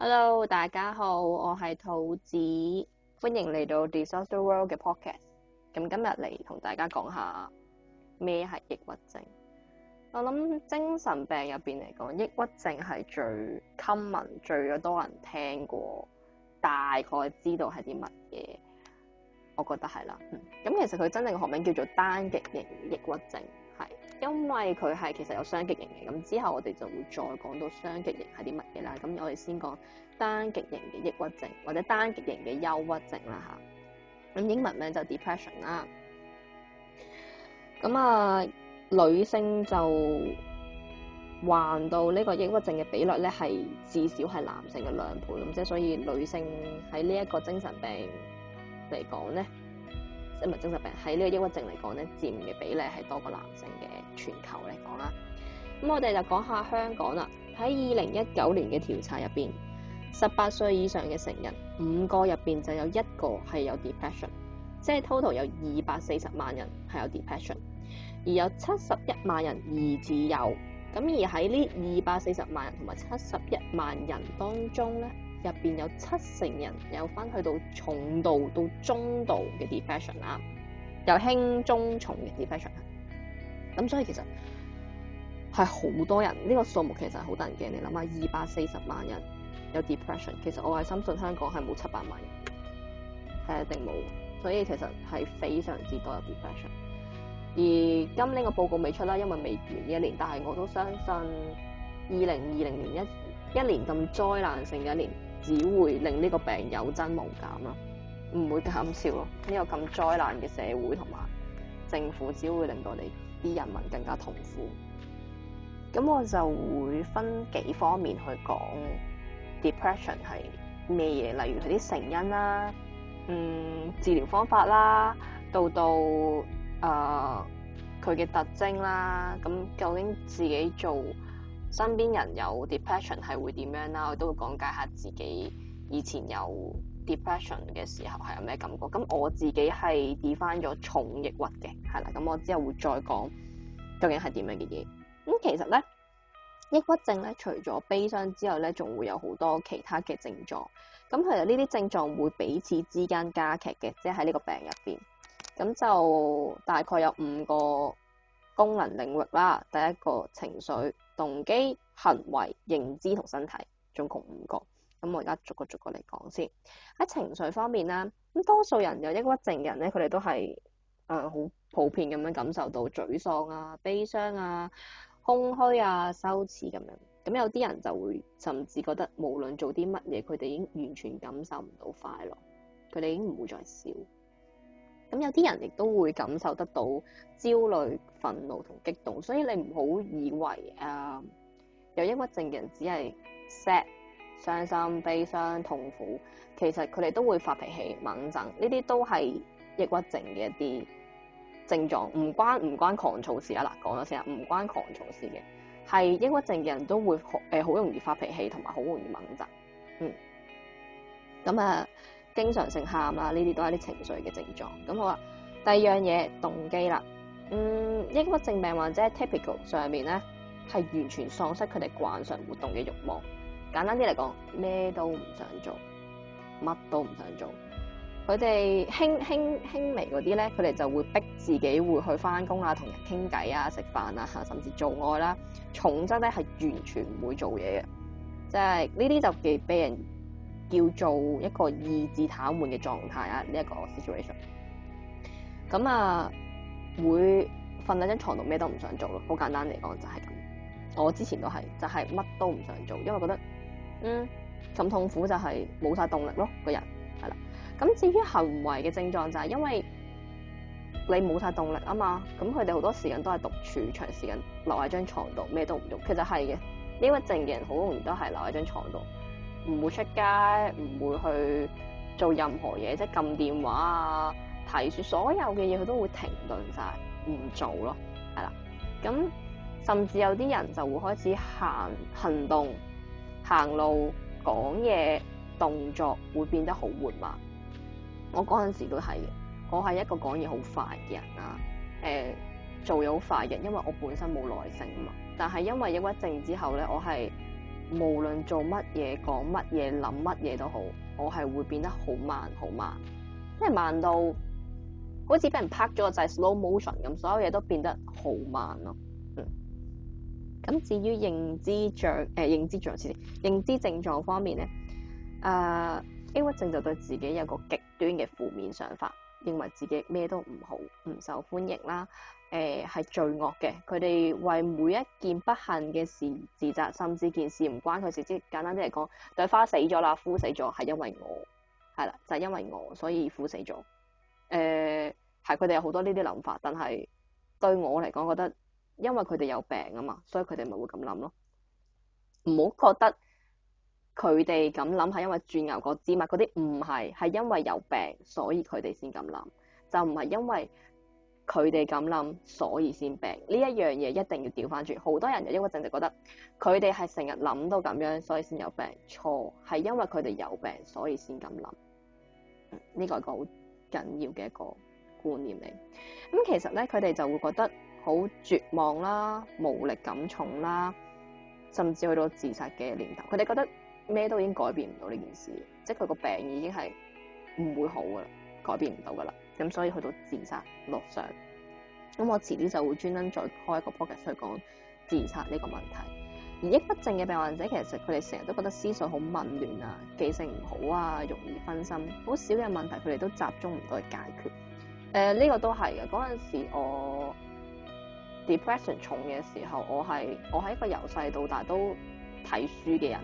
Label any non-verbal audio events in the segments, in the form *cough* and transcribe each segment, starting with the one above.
Hello，大家好，我係兔子，歡迎嚟到《Disaster World》嘅 Podcast。咁今日嚟同大家講下咩係抑鬱症。我諗精神病入邊嚟講，抑鬱症係最 common、最多人聽過，大概知道係啲乜嘢。我覺得係啦，咁、嗯、其實佢真正嘅學名叫做單極型抑鬱症。因為佢係其實有雙極型嘅，咁之後我哋就會再講到雙極型係啲乜嘢啦。咁我哋先講單極型嘅抑鬱症或者單極型嘅憂鬱症啦吓，咁英文名就 depression 啦。咁啊、呃，女性就患到呢個抑鬱症嘅比率咧，係至少係男性嘅兩倍咁，即係所以女性喺呢一個精神病嚟講咧，即係唔係精神病喺呢個抑鬱症嚟講咧，佔嘅比例係多過男性嘅。全球嚟講啦，咁我哋就講下香港啦。喺二零一九年嘅調查入面，十八歲以上嘅成人五個入面，就有一個係有 depression，即係 total 有二百四十萬人係有 depression，而有七十一萬人疑似有。咁而喺呢二百四十萬人同埋七十一萬人當中咧，入面有七成人有翻去到重度到中度嘅 depression 啦，有輕、中、重嘅 depression。咁所以其實係好多人，呢個數目其實係好得人驚。你諗下，二百四十萬人有 depression，其實我係深信香港係冇七百萬人，係一定冇。所以其實係非常之多有 depression。而今年個報告未出啦，因為未完這一年。但係我都相信二零二零年一一年咁災難性嘅一年，只會令呢個病有增無減啦，唔會減少咯。呢個咁災難嘅社會同埋政府，只會令到你。啲人民更加痛苦，咁我就會分幾方面去講 depression 係咩嘢，例如佢啲成因啦，嗯，治療方法啦，到到誒佢嘅特徵啦，咁究竟自己做身邊人有 depression 係會點樣啦，我都會講解下自己以前有。Depression 嘅時候係有咩感覺？咁我自己係跌返咗重抑鬱嘅，係啦。咁我之後會再講究竟係點樣嘅嘢。咁、嗯、其實咧，抑鬱症咧除咗悲傷之後咧，仲會有好多其他嘅症狀。咁其實呢啲症狀會彼此之間加劇嘅，即係喺呢個病入邊。咁就大概有五個功能領域啦。第一個情緒、動機、行為、認知同身體，總共五個。咁我而家逐個逐個嚟講先。喺情緒方面啦，咁多數人有抑鬱症嘅人咧，佢哋都係誒好普遍咁樣感受到沮喪啊、悲傷啊、空虛啊、羞恥咁樣。咁有啲人就會甚至覺得無論做啲乜嘢，佢哋已經完全感受唔到快樂，佢哋已經唔會再笑。咁有啲人亦都會感受得到焦慮、憤怒同激動。所以你唔好以為誒、呃、有抑鬱症嘅人只係 sad。傷心、悲傷、痛苦，其實佢哋都會發脾氣、猛增，呢啲都係抑鬱症嘅一啲症狀，唔關唔關狂躁事啊！嗱，講咗先啊，唔關狂躁事嘅，係抑鬱症嘅人都會誒好、呃、容易發脾氣同埋好容易猛增。嗯，咁啊，經常性喊啦，呢啲都係啲情緒嘅症狀。咁好啦，第二樣嘢動機啦，嗯，抑鬱症病患者喺 typical 上面咧，係完全喪失佢哋慣常活動嘅欲望。簡單啲嚟講，咩都唔想做，乜都唔想做。佢哋輕輕輕微嗰啲咧，佢哋就會逼自己會去返工啊，同人傾偈啊，食飯啊，甚至做愛啦。重則咧係完全唔會做嘢嘅，即係呢啲就係俾人叫做一個意志癱瘓嘅狀態啊，呢一個 situation。咁啊，會瞓喺張床度，咩都唔想做咯。好簡單嚟講就係咁，我之前都係，就係乜都唔想做，因為覺得。嗯，咁痛苦就係冇晒動力咯，個人係啦。咁至於行為嘅症狀就係，因為你冇晒動力啊嘛，咁佢哋好多時間都係獨處，長時間留喺張床度，咩都唔做。其實係嘅，抑鬱症嘅人好容易都係留喺張床度，唔會出街，唔會去做任何嘢，即係撳電話啊、提說所有嘅嘢，佢都會停頓晒，唔做咯，係啦。咁甚至有啲人就會開始行行動。行路、講嘢、動作會變得好緩慢。我嗰陣時都係嘅，我係一個講嘢好快嘅人啊、呃，做嘢好快嘅人，因為我本身冇耐性啊嘛。但係因為抑鬱症之後咧，我係無論做乜嘢、講乜嘢、諗乜嘢都好，我係會變得好慢、好慢，即係慢到好似俾人拍咗個掣 slow motion 咁，所有嘢都變得好慢咯。咁至於認知障，誒認知症，認知症狀方面咧，誒抑鬱症就對自己有個極端嘅負面想法，認為自己咩都唔好，唔受歡迎啦，誒、呃、係罪惡嘅。佢哋為每一件不幸嘅事自責，甚至件事唔關佢事。即簡單啲嚟講，朵花死咗啦，枯死咗係因為我，係啦，就係、是、因為我，所以枯死咗。誒、呃，係佢哋有好多呢啲諗法，但係對我嚟講，覺得。因為佢哋有病啊嘛，所以佢哋咪會咁諗咯。唔好覺得佢哋咁諗係因為鑽牛角尖啊，嗰啲唔係，係因為有病所以佢哋先咁諗，就唔係因為佢哋咁諗所以先病。呢一樣嘢一定要調翻轉。好多人就一嗰陣就覺得佢哋係成日諗到咁樣所以先有病，錯，係因為佢哋有病所以先咁諗。呢個係一個好緊要嘅一個觀念嚟。咁、嗯、其實咧佢哋就會覺得。好絕望啦，無力感重啦，甚至去到自殺嘅念頭。佢哋覺得咩都已經改變唔到呢件事，即係佢個病已經係唔會好噶啦，改變唔到噶啦。咁所以去到自殺，路上。咁我遲啲就會專登再開一個 project 去講自殺呢個問題。而抑鬱症嘅病患者其實佢哋成日都覺得思緒好混亂啊，記性唔好啊，容易分心，好少嘅問題佢哋都集中唔到去解決。誒、呃、呢、這個都係嘅。嗰陣時候我。depression 重嘅時候，我係我係一個由細到大都睇書嘅人，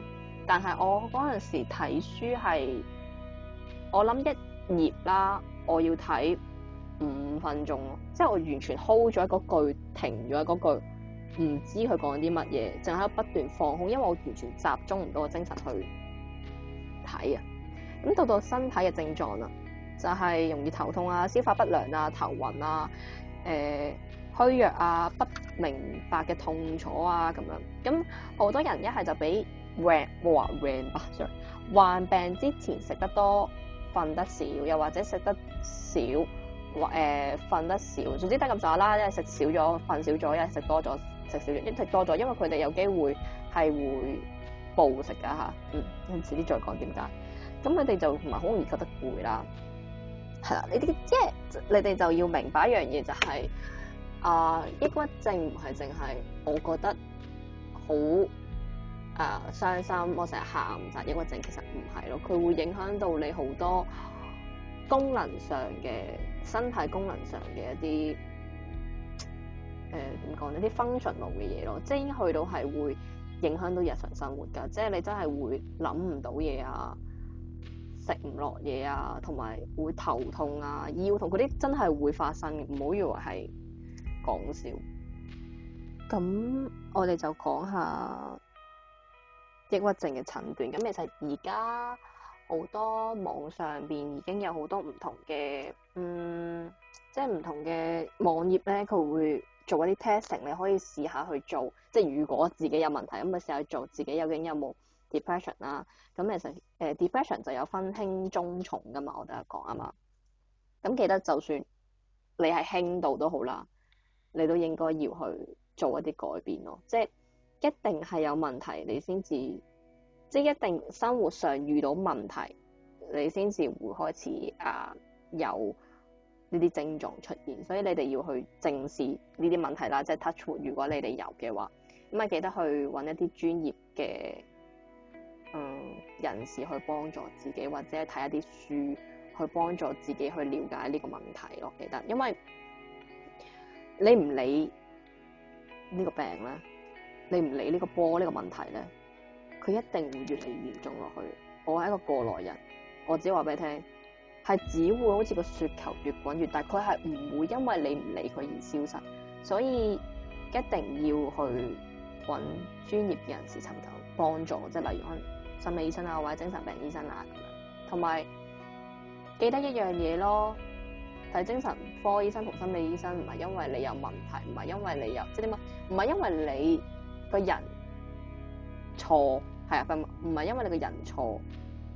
但係我嗰陣時睇書係，我諗一頁啦，我要睇五分鐘，即係我完全 hold 咗一個句，停咗一個句，唔知佢講啲乜嘢，淨喺度不斷放空，因為我完全集中唔到個精神去睇啊。咁到到身體嘅症狀啦，就係容易頭痛啊、消化不良啊、頭暈啊、誒、呃。虛弱啊，不明白嘅痛楚啊，咁樣咁好多人一係就俾 weak，冇話 weak 吧，sorry，患病之前食得多，瞓得少，又或者食得少或誒瞓、呃、得少，總之得咁耍啦，一係食少咗，瞓少咗，一係食多咗，食少咗，一食多咗，因為佢哋有機會係會暴食噶嚇，嗯，遲啲再講點解，咁佢哋就唔係好容易覺得攰啦，係啦，你啲即係你哋就要明白一樣嘢就係、是。啊、uh,，抑鬱症唔係淨係我覺得好啊、uh, 傷心，我成日喊。但抑鬱症其實唔係咯，佢會影響到你好多功能上嘅身體功能上嘅一啲誒點講呢？啲 function 路嘅嘢咯，即係已經去到係會影響到日常生活㗎，即係你真係會諗唔到嘢啊，食唔落嘢啊，同埋會頭痛啊、腰痛嗰啲真係會發生嘅，唔好以為係。講笑，咁我哋就講下抑鬱症嘅診斷。咁其實而家好多網上邊已經有好多唔同嘅，嗯，即係唔同嘅網頁咧，佢會做一啲 testing，你可以試下去做。即係如果自己有問題咁咪試下做，自己究竟有冇 depression 啦、啊、咁其實誒、呃、depression 就有分輕、中、重噶嘛，我哋講啊嘛。咁、嗯、記得就算你係輕度都好啦。你都應該要去做一啲改變咯，即係一定係有問題，你先至，即係一定生活上遇到問題，你先至會開始啊有呢啲症狀出現，所以你哋要去正視呢啲問題啦，即係 touch wood。如果你哋有嘅話，咁啊記得去搵一啲專業嘅嗯人士去幫助自己，或者睇一啲書去幫助自己去了解呢個問題咯。記得，因為。你唔理呢個病咧，你唔理呢個波呢個問題咧，佢一定會越嚟越嚴重落去。我係一個過來人，我只話俾你聽，係只會好似個雪球越滾越大，佢係唔會因為你唔理佢而消失。所以一定要去揾專業嘅人士尋求幫助，即係例如可能心理醫生啊，或者精神病醫生啊，同埋記得一樣嘢咯。睇精神科醫生同心理醫生唔係因為你有問題，唔係因為你有即係點啊？唔係因為你個人錯，係啊，唔唔係因為你個人錯，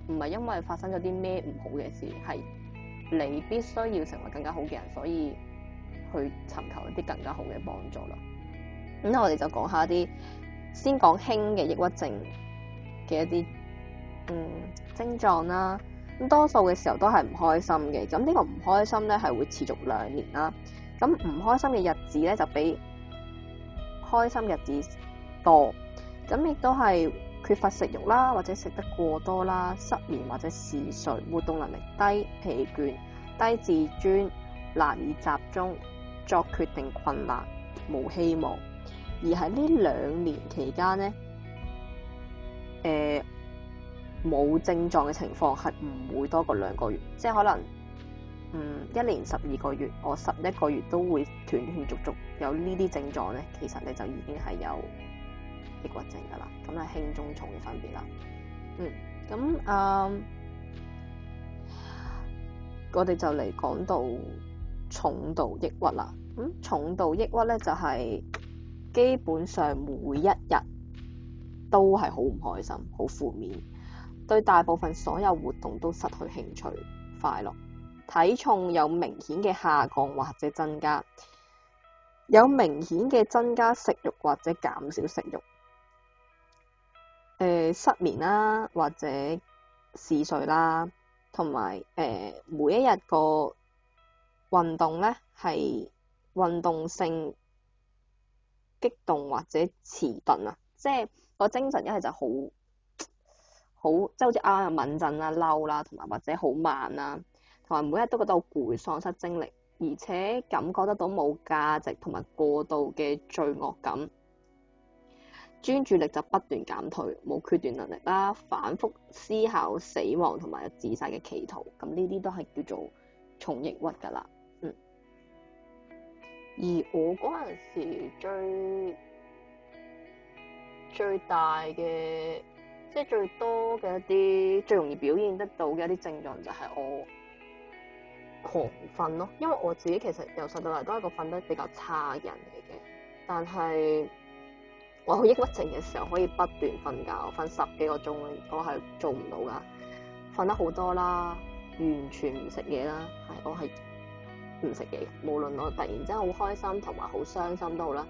唔係因為發生咗啲咩唔好嘅事，係你必須要成為更加好嘅人，所以去尋求一啲更加好嘅幫助啦。咁、嗯、咧，我哋就講下啲，先講輕嘅抑鬱症嘅一啲嗯症狀啦、啊。咁多數嘅時候都係唔開心嘅，咁呢個唔開心咧係會持續兩年啦。咁唔開心嘅日子咧就比開心日子多，咁亦都係缺乏食欲啦，或者食得過多啦，失眠或者嗜睡，活動能力低，疲倦，低自尊，難以集中，作決定困難，無希望。而喺呢兩年期間咧，誒、呃。冇症狀嘅情況係唔會多過兩個月，即係可能，嗯，一年十二個月，我十一個月都會斷斷續續有呢啲症狀咧，其實你就已經係有抑鬱症噶啦，咁係輕、中、重嘅分別啦。嗯，咁啊、嗯，我哋就嚟講到重度抑鬱啦。咁、嗯、重度抑鬱咧，就係基本上每一日都係好唔開心，好負面。對大部分所有活動都失去興趣、快樂，體重有明顯嘅下降或者增加，有明顯嘅增加食欲或者減少食欲，誒、呃、失眠啦或者嗜睡啦，同埋誒每一日個運動咧係運動性激動或者遲鈍啊，即係個精神一係就好。好，即係好似啱啊，敏感啊、嬲啦，同埋或者好慢啊，同埋每日都覺得好攰、喪失精力，而且感覺得到冇價值，同埋過度嘅罪惡感，專注力就不斷減退，冇決斷能力啦，反復思考死亡同埋自殺嘅企圖，咁呢啲都係叫做重抑鬱噶啦，嗯。而我嗰陣時最最大嘅。即係最多嘅一啲，最容易表現得到嘅一啲症狀就係我狂瞓咯。因為我自己其實由細到大都係一個瞓得比較差嘅人嚟嘅，但係我好抑鬱症嘅時候，可以不斷瞓覺，瞓十幾個鐘，我係做唔到噶。瞓得好多啦，完全唔食嘢啦，係我係唔食嘢。無論我突然之間好開心同埋好傷心都好啦，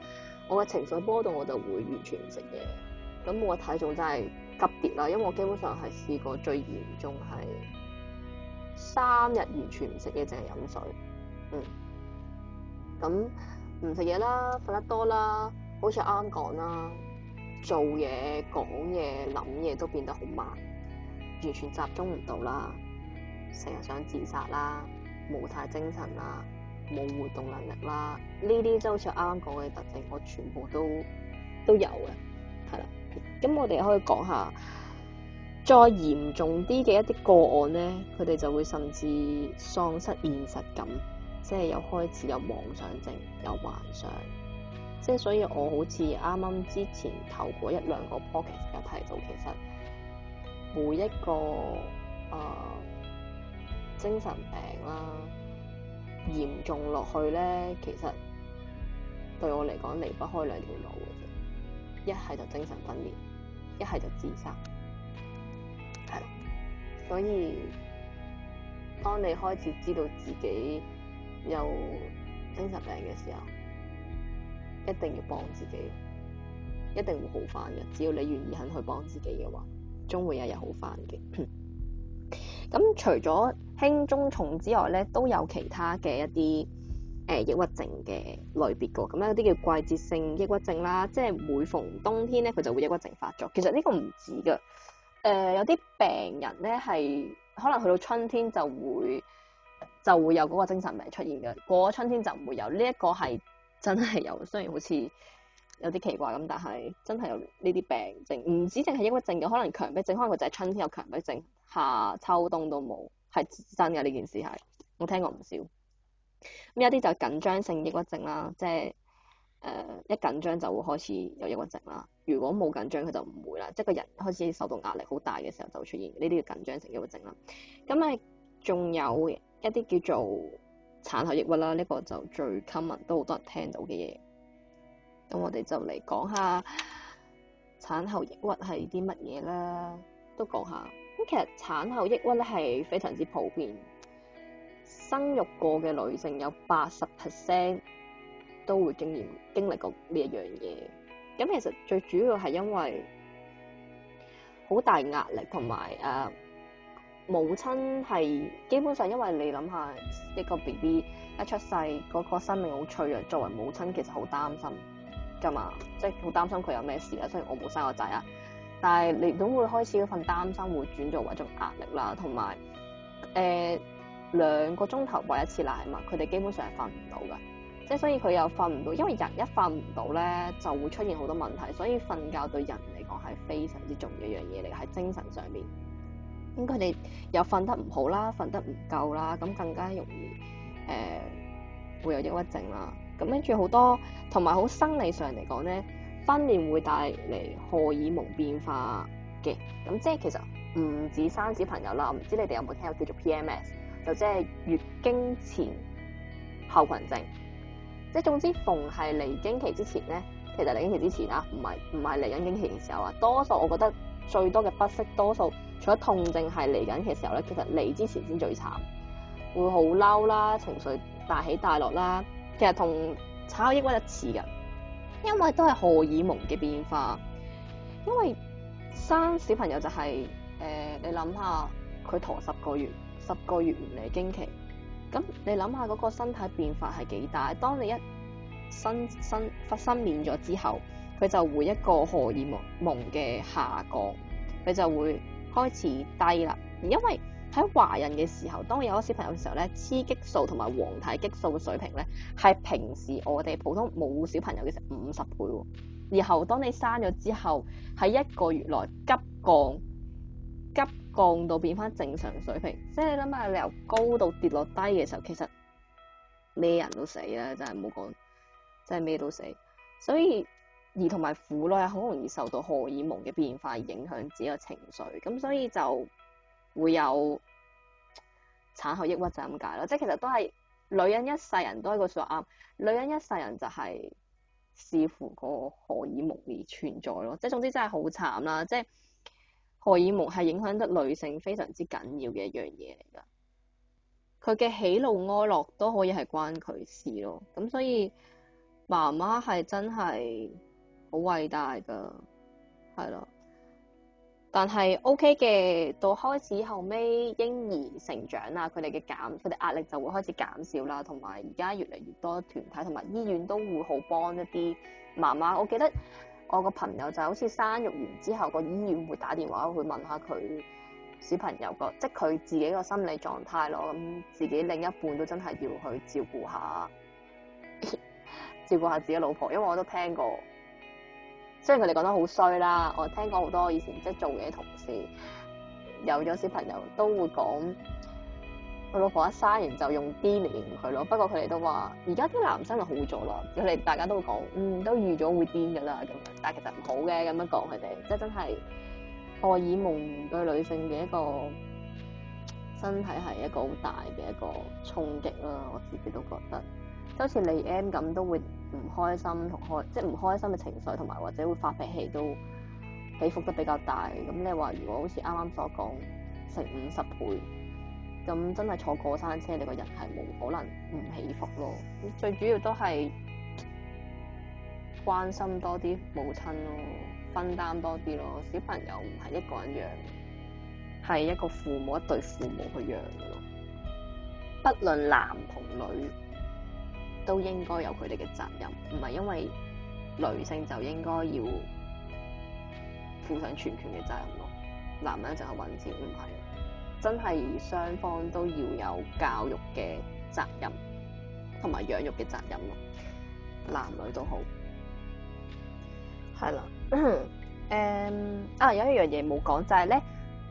我嘅情緒波動我就會完全唔食嘢。咁我嘅體重真係。急跌啦，因為我基本上係試過最嚴重係三日完全唔食嘢，淨係飲水。嗯，咁唔食嘢啦，瞓得多啦，好似啱啱講啦，做嘢、講嘢、諗嘢都變得好慢，完全集中唔到啦，成日想自殺啦，冇太精神啦，冇活動能力啦，呢啲即好似啱啱講嘅特徵，我全部都都有嘅，係啦。咁我哋可以講下，再嚴重啲嘅一啲個案咧，佢哋就會甚至喪失現實感，即係又開始有妄想症、有幻想，即係所以我好似啱啱之前透過一兩個 podcast 有提到，其實每一個誒、呃、精神病啦，嚴重落去咧，其實對我嚟講離不開兩條路嘅啫，一係就精神分裂。一係就自殺，係啦。所以，當你開始知道自己有精神病嘅時候，一定要幫自己，一定會好翻嘅。只要你願意肯去幫自己嘅話，終會有一日好翻嘅。咁 *coughs* 除咗輕中重之外咧，都有其他嘅一啲。誒，抑鬱症嘅類別噶，咁咧有啲叫季節性抑鬱症啦，即係每逢冬天咧，佢就會抑鬱症發作。其實呢個唔止噶，誒，有啲病人咧係可能去到春天就會就會有嗰個精神病出現噶，過咗春天就唔會有。呢一個係真係有，雖然好似有啲奇怪咁，但係真係有呢啲病症，唔止淨係抑鬱症嘅，可能強迫症，可能佢就係春天有強迫症，夏秋冬都冇，係真嘅呢件事係，我聽過唔少。咁有啲就緊張性抑鬱症啦，即係誒一緊張就會開始有抑鬱症啦。如果冇緊張佢就唔會啦，即係個人開始受到壓力好大嘅時候就出現呢啲叫緊張性抑鬱症啦。咁啊仲有一啲叫做產後抑鬱啦，呢個就最 common 都好多人聽到嘅嘢。咁我哋就嚟講下產後抑鬱係啲乜嘢啦，都講下。咁其實產後抑鬱咧係非常之普遍。生育過嘅女性有八十 percent 都會經驗經歷過呢一樣嘢。咁其實最主要係因為好大壓力同埋誒母親係基本上因為你諗下一個 B B 一出世嗰個生命好脆弱，作為母親其實好擔心㗎嘛，即係好擔心佢有咩事啊。雖然我冇生個仔啊，但係你總會開始嗰份擔心會轉做一種壓力啦，同埋誒。呃兩個鐘頭餵一次奶嘛，佢哋基本上係瞓唔到嘅，即係所以佢又瞓唔到，因為人一瞓唔到咧就會出現好多問題，所以瞓覺對人嚟講係非常之重要嘅一樣嘢嚟，喺精神上面，咁佢哋又瞓得唔好啦，瞓得唔夠啦，咁更加容易誒、呃、會有抑鬱症啦，咁跟住好多同埋好生理上嚟講咧，分娩會帶嚟荷爾蒙變化嘅，咁即係其實唔止生小朋友啦，唔知你哋有冇聽過叫做 PMS。就即、是、係月經前後群症，即係總之逢係嚟經期之前咧，其實嚟經期之前啊，唔係唔係嚟緊經期嘅時候啊，多數我覺得最多嘅不適，多數除咗痛症係嚟緊嘅時候咧，其實嚟之前先最慘，會好嬲啦，情緒大起大落啦。其實同產後抑鬱一似噶，因為都係荷爾蒙嘅變化。因為生小朋友就係、是、誒、呃，你諗下佢陀十個月。十個月唔嚟經期，咁你諗下嗰個身體變化係幾大？當你一生生發生面咗之後，佢就會一個荷爾蒙嘅下降，佢就會開始低啦。因為喺懷孕嘅時候，當有咗小朋友嘅時候咧，雌激素同埋黃體激素嘅水平咧係平時我哋普通冇小朋友嘅時候五十倍。然後當你生咗之後，喺一個月內急降急，降到變翻正常水平，即係你諗下你由高度跌落低嘅時候，其實咩人都死啦，真係冇講，真係咩都死。所以而同埋婦女係好容易受到荷爾蒙嘅變化影響自己嘅情緒，咁所以就會有產後抑鬱就咁解咯。即係其實都係女人一世人，都係一個說話。女人一世人就係、是、視乎個荷爾蒙而存在咯。即係總之真係好慘啦，即係。荷爾蒙係影響得女性非常之緊要嘅一樣嘢嚟噶，佢嘅喜怒哀樂都可以係關佢事咯。咁所以媽媽係真係好偉大噶，係咯。但係 OK 嘅，到開始後尾嬰兒成長啊，佢哋嘅減，佢哋壓力就會開始減少啦。同埋而家越嚟越多團體同埋醫院都會好幫一啲媽媽。我記得。我個朋友就係好似生育完之後個醫院會打電話去問下佢小朋友個，即係佢自己個心理狀態咯，咁自己另一半都真係要去照顧下， *laughs* 照顧下自己老婆，因為我都聽過，雖然佢哋講得好衰啦，我聽過好多以前即係做嘢嘅同事有咗小朋友都會講。我老婆一生完就用癲嚟形容佢咯，不過佢哋都話而家啲男生就好咗啦，佢哋大家都會講，嗯，都預咗會癲噶啦咁樣，但係其實唔好嘅咁樣講佢哋，即係真係荷爾蒙對女性嘅一個身體係一個好大嘅一個衝擊啦，我自己都覺得，就好似你 M 咁都會唔開心同開，即係唔開心嘅情緒同埋或者會發脾氣都起伏得比較大，咁你話如果好似啱啱所講成五十倍。咁真係坐過山車，你個人係冇可能唔起伏咯。最主要都係關心多啲母親咯，分擔多啲咯。小朋友唔係一個人養，係一個父母一對父母去養嘅咯。不論男同女，都應該有佢哋嘅責任，唔係因為女性就應該要負上全權嘅責任咯。男人就係揾錢，唔係。真係雙方都要有教育嘅責任，同埋養育嘅責任咯，男女都好。係啦，誒啊，有一樣嘢冇講就係、是、咧，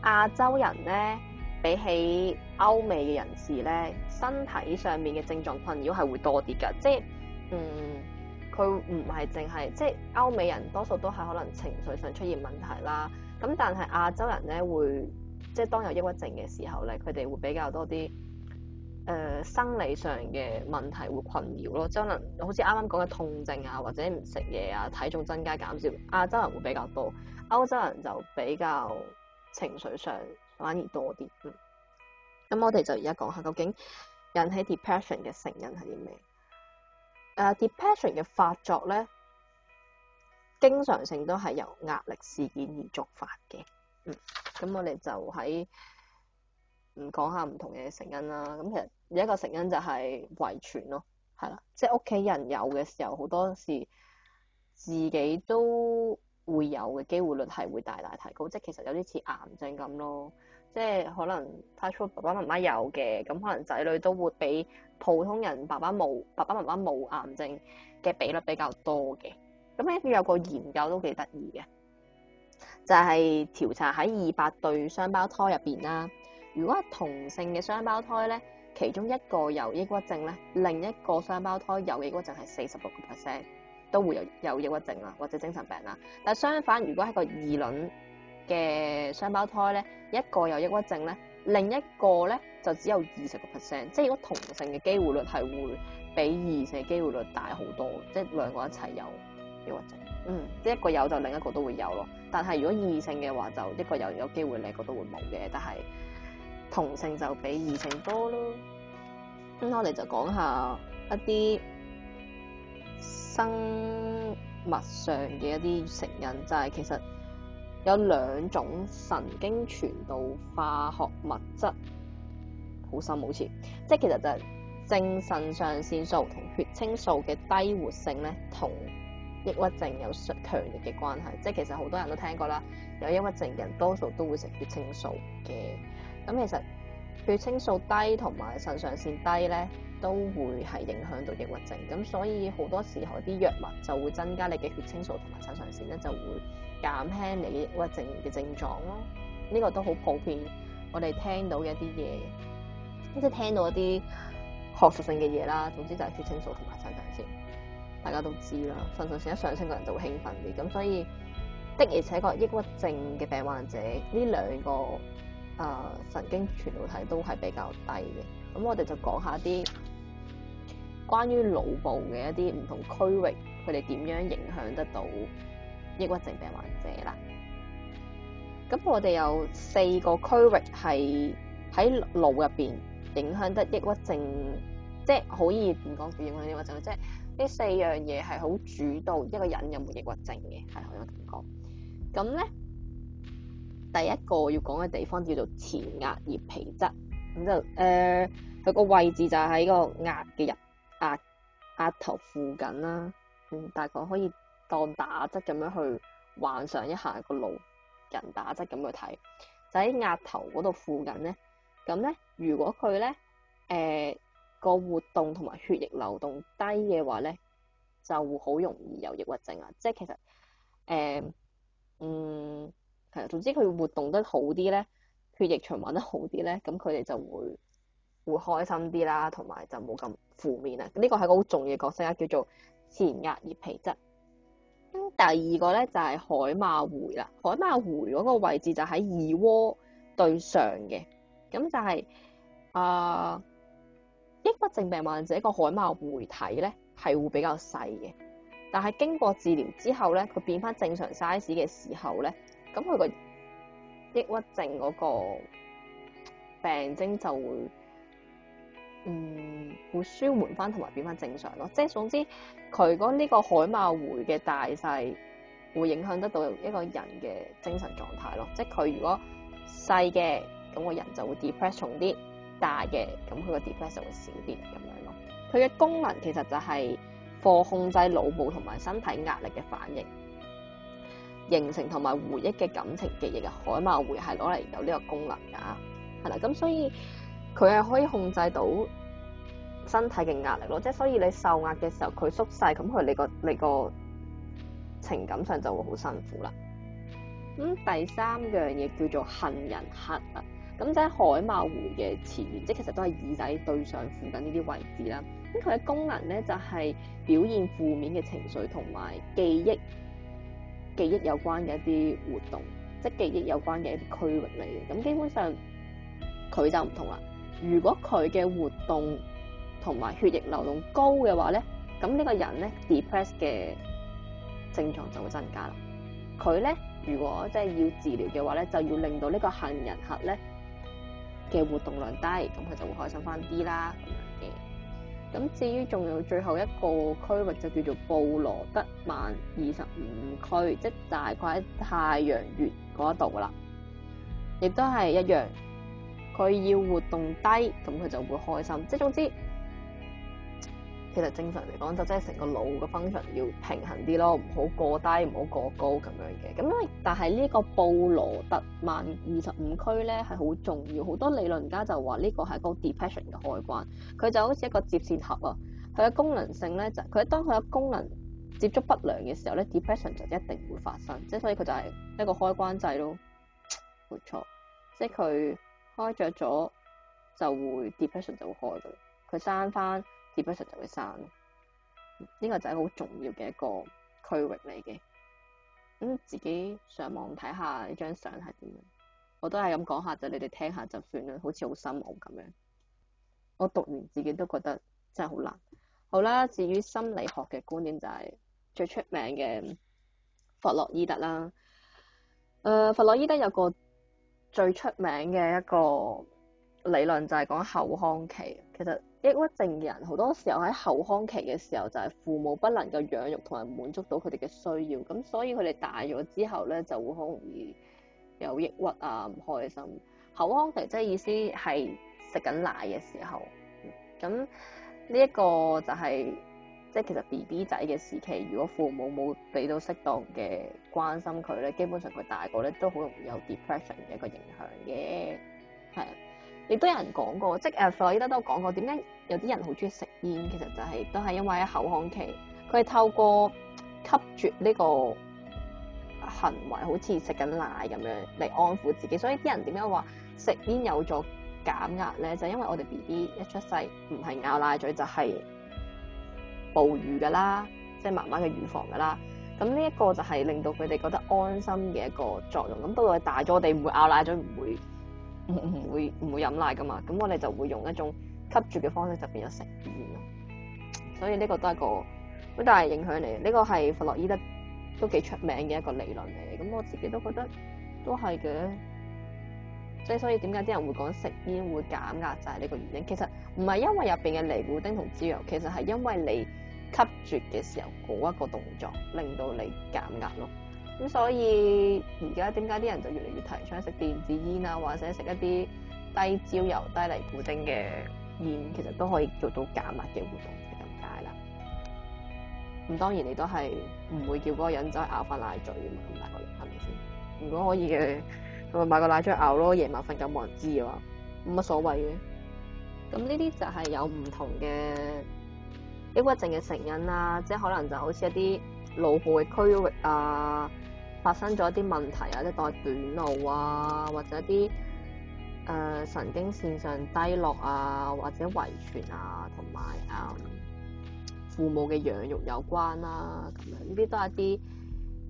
亞洲人咧比起歐美嘅人士咧，身體上面嘅症狀困擾係會多啲噶，即係，嗯，佢唔係淨係，即係歐美人多數都係可能情緒上出現問題啦，咁但係亞洲人咧會。即係當有抑鬱症嘅時候咧，佢哋會比較多啲誒、呃、生理上嘅問題會困擾咯，可能好似啱啱講嘅痛症啊，或者唔食嘢啊，體重增加減少，亞洲人會比較多，歐洲人就比較情緒上反而多啲。咁、嗯、我哋就而家講下究竟引起 depression 嘅成因係啲咩？誒、uh，depression 嘅發作咧，經常性都係由壓力事件而觸發嘅。嗯，咁我哋就喺唔講下唔同嘅成因啦。咁其實有一個成因就係遺傳咯，係啦，即係屋企人有嘅時候，好多時自己都會有嘅機會率係會大大提高。即係其實有啲似癌症咁咯，即係可能太叔爸爸媽媽有嘅，咁可能仔女都會比普通人爸爸冇爸爸媽媽冇癌症嘅比率比較多嘅。咁呢，有個研究都幾得意嘅。就係、是、調查喺二百對雙胞胎入邊啦，如果係同性嘅雙胞胎咧，其中一個有抑鬱症咧，另一個雙胞胎有抑鬱症係四十六個 percent 都會有有抑鬱症啦，或者精神病啦。但相反，如果係個異卵嘅雙胞胎咧，一個有抑鬱症咧，另一個咧就只有二十個 percent，即係如果同性嘅機會率係會比異性嘅機會率大好多，即係兩個一齊有。嘅物嗯，即一個有就另一個都會有咯。但係如果異性嘅話，就一個有有機會，另一個都會冇嘅。但係同性就比異性多咯。咁、嗯、我哋就講下一啲生物上嘅一啲成因，就係、是、其實有兩種神經傳導化學物質，好深好似。即係其實就係腎上腺素同血清素嘅低活性咧，同抑鬱症有強烈嘅關係，即係其實好多人都聽過啦。有抑鬱症人多數都會食血清素嘅，咁其實血清素低同埋腎上腺低咧，都會係影響到抑鬱症。咁所以好多時候啲藥物就會增加你嘅血清素同埋腎上腺咧，就會減輕你嘅抑鬱症嘅症狀咯。呢個都好普遍，我哋聽到嘅一啲嘢，即係聽到一啲學術性嘅嘢啦。總之就係血清素同埋腎上大家都知啦，腎上腺一上升，個人就會興奮啲。咁所以的而且確，抑鬱症嘅病患者呢兩個啊、呃、神經傳導體都係比較低嘅。咁我哋就講下啲關於腦部嘅一啲唔同區域，佢哋點樣影響得到抑鬱症病患者啦。咁我哋有四個區域係喺腦入邊影響得抑鬱症，即係好易點講叫影響抑鬱症，即係。呢四樣嘢係好主導一個人有冇抑鬱症嘅，係可以咁講。咁咧，第一個要講嘅地方叫做前額葉皮質，咁就誒，佢、呃、個位置就喺個額嘅人額額，額頭附近啦。嗯，大概可以當打質咁樣去幻想一下一個腦人打質咁去睇，就喺、是、額頭嗰度附近咧。咁咧，如果佢咧誒。呃個活動同埋血液流動低嘅話咧，就會好容易有抑鬱症啊！即係其實，誒、嗯，嗯，係啊，總之佢活動得好啲咧，血液循環得好啲咧，咁佢哋就會會開心啲啦，同埋就冇咁負面啦！呢個係個好重要嘅角色啊，叫做前額葉皮質。咁、嗯、第二個咧就係、是、海馬回啦，海馬回嗰個位置就喺耳蝸對上嘅，咁就係、是、啊。呃抑鬱症病患者個海馬回體咧係會比較細嘅，但係經過治療之後咧，佢變翻正常 size 嘅時候咧，咁佢個抑鬱症嗰個病徵就會，嗯，會舒緩翻同埋變翻正常咯。即係總之，佢如果呢個海馬回嘅大細會影響得到一個人嘅精神狀態咯。即係佢如果細嘅，咁個人就會 depress 重啲。大嘅，咁佢個 deflex 就會少啲咁樣咯。佢嘅功能其實就係、是、課控制腦部同埋身體壓力嘅反應，形成同埋回憶嘅感情記憶。海馬回係攞嚟有呢個功能噶，係啦。咁所以佢係可以控制到身體嘅壓力咯。即係所以你受壓嘅時候，佢縮細，咁佢你個你個情感上就會好辛苦啦。咁、嗯、第三樣嘢叫做杏仁核啊。咁就喺海馬湖嘅前緣，即係其實都係耳仔對上附近呢啲位置啦。咁佢嘅功能咧就係表現負面嘅情緒同埋記憶、記憶有關嘅一啲活動，即係記憶有關嘅一啲區域嚟嘅。咁基本上佢就唔同啦。如果佢嘅活動同埋血液流動高嘅話咧，咁呢個人咧 depress 嘅症狀就會增加啦。佢咧如果即係要治療嘅話咧，就要令到呢個杏仁核咧。嘅活動量低，咁佢就會開心翻啲啦。咁樣嘅，咁至於仲有最後一個區域就叫做布羅德曼二十五區，即係大概喺太陽穴嗰度啦，亦都係一樣，佢要活動低，咁佢就會開心。即係總之。其實正常嚟講，就即係成個腦嘅 function 要平衡啲咯，唔好過低，唔好過高咁樣嘅。咁但係呢個布羅德曼二十五區咧係好重要，好多理論家就話呢個係個 depression 嘅開關。佢就好似一個接線盒啊，佢嘅功能性咧就佢當佢嘅功能接觸不良嘅時候咧，depression 就一定會發生。即係所以佢就係一個開關掣咯，冇錯。即係佢開着咗就會 depression 就，就會開嘅，佢閂翻。就會生，呢個就係好重要嘅一個區域嚟嘅。咁、嗯、自己上網睇下呢張相係點樣，我都係咁講下就你哋聽下就算啦，好似好深奧咁樣。我讀完自己都覺得真係好難。好啦，至於心理學嘅觀點就係最出名嘅弗洛伊德啦。誒、呃，弗洛伊德有一個最出名嘅一個理論就係、是、講後康期，其實。抑鬱症嘅人好多時候喺口腔期嘅時候就係、是、父母不能夠養育同埋滿足到佢哋嘅需要，咁所以佢哋大咗之後咧就會好容易有抑鬱啊唔開心。口腔期即係意思係食緊奶嘅時候，咁呢一個就係、是、即係其實 B B 仔嘅時期，如果父母冇俾到適當嘅關心佢咧，基本上佢大個咧都好容易有 depression 嘅一個影響嘅，係。亦都有人講過，即係弗洛伊德都講過，點解有啲人好中意食煙？其實就係、是、都係因為喺口腔期，佢係透過吸住呢個行為，好似食緊奶咁樣嚟安撫自己。所以啲人點解話食煙有助減壓咧？就係、因為我哋 B B 一出世唔係咬奶嘴，就係哺乳噶啦，即係媽媽嘅乳房噶啦。咁呢一個就係令到佢哋覺得安心嘅一個作用。咁不過佢大咗，我哋唔會咬奶嘴，唔會。唔唔會唔會飲奶噶嘛，咁我哋就會用一種吸住嘅方式，就變咗食煙咯，所以呢個都係一個好大影響嚟。呢個係弗洛伊德都幾出名嘅一個理論嚟，咁我自己都覺得都係嘅。即係所以點解啲人會講食煙會減壓就係呢個原因，其實唔係因為入邊嘅尼古丁同焦油，其實係因為你吸住嘅時候嗰一個動作令到你減壓咯。咁、嗯、所以而家點解啲人就越嚟越提倡食電子煙啊，或者食一啲低焦油、低尼古丁嘅煙，其實都可以做到減壓嘅活動，就咁解啦。咁、嗯、當然你都係唔會叫嗰個人走去咬翻奶嘴咁大、嗯、個，係咪先？如果可以嘅，我買個奶嘴咬，咬咯，夜晚瞓覺冇人知嘅話，冇乜所謂嘅。咁呢啲就係有唔同嘅抑鬱症嘅成因啦、啊，即係可能就好似一啲腦部嘅區域啊。發生咗一啲問題啊，即係代短路啊，或者啲誒、呃、神經線上低落啊，或者遺傳啊，同埋啊父母嘅養育有關啦、啊，咁樣呢啲都係一啲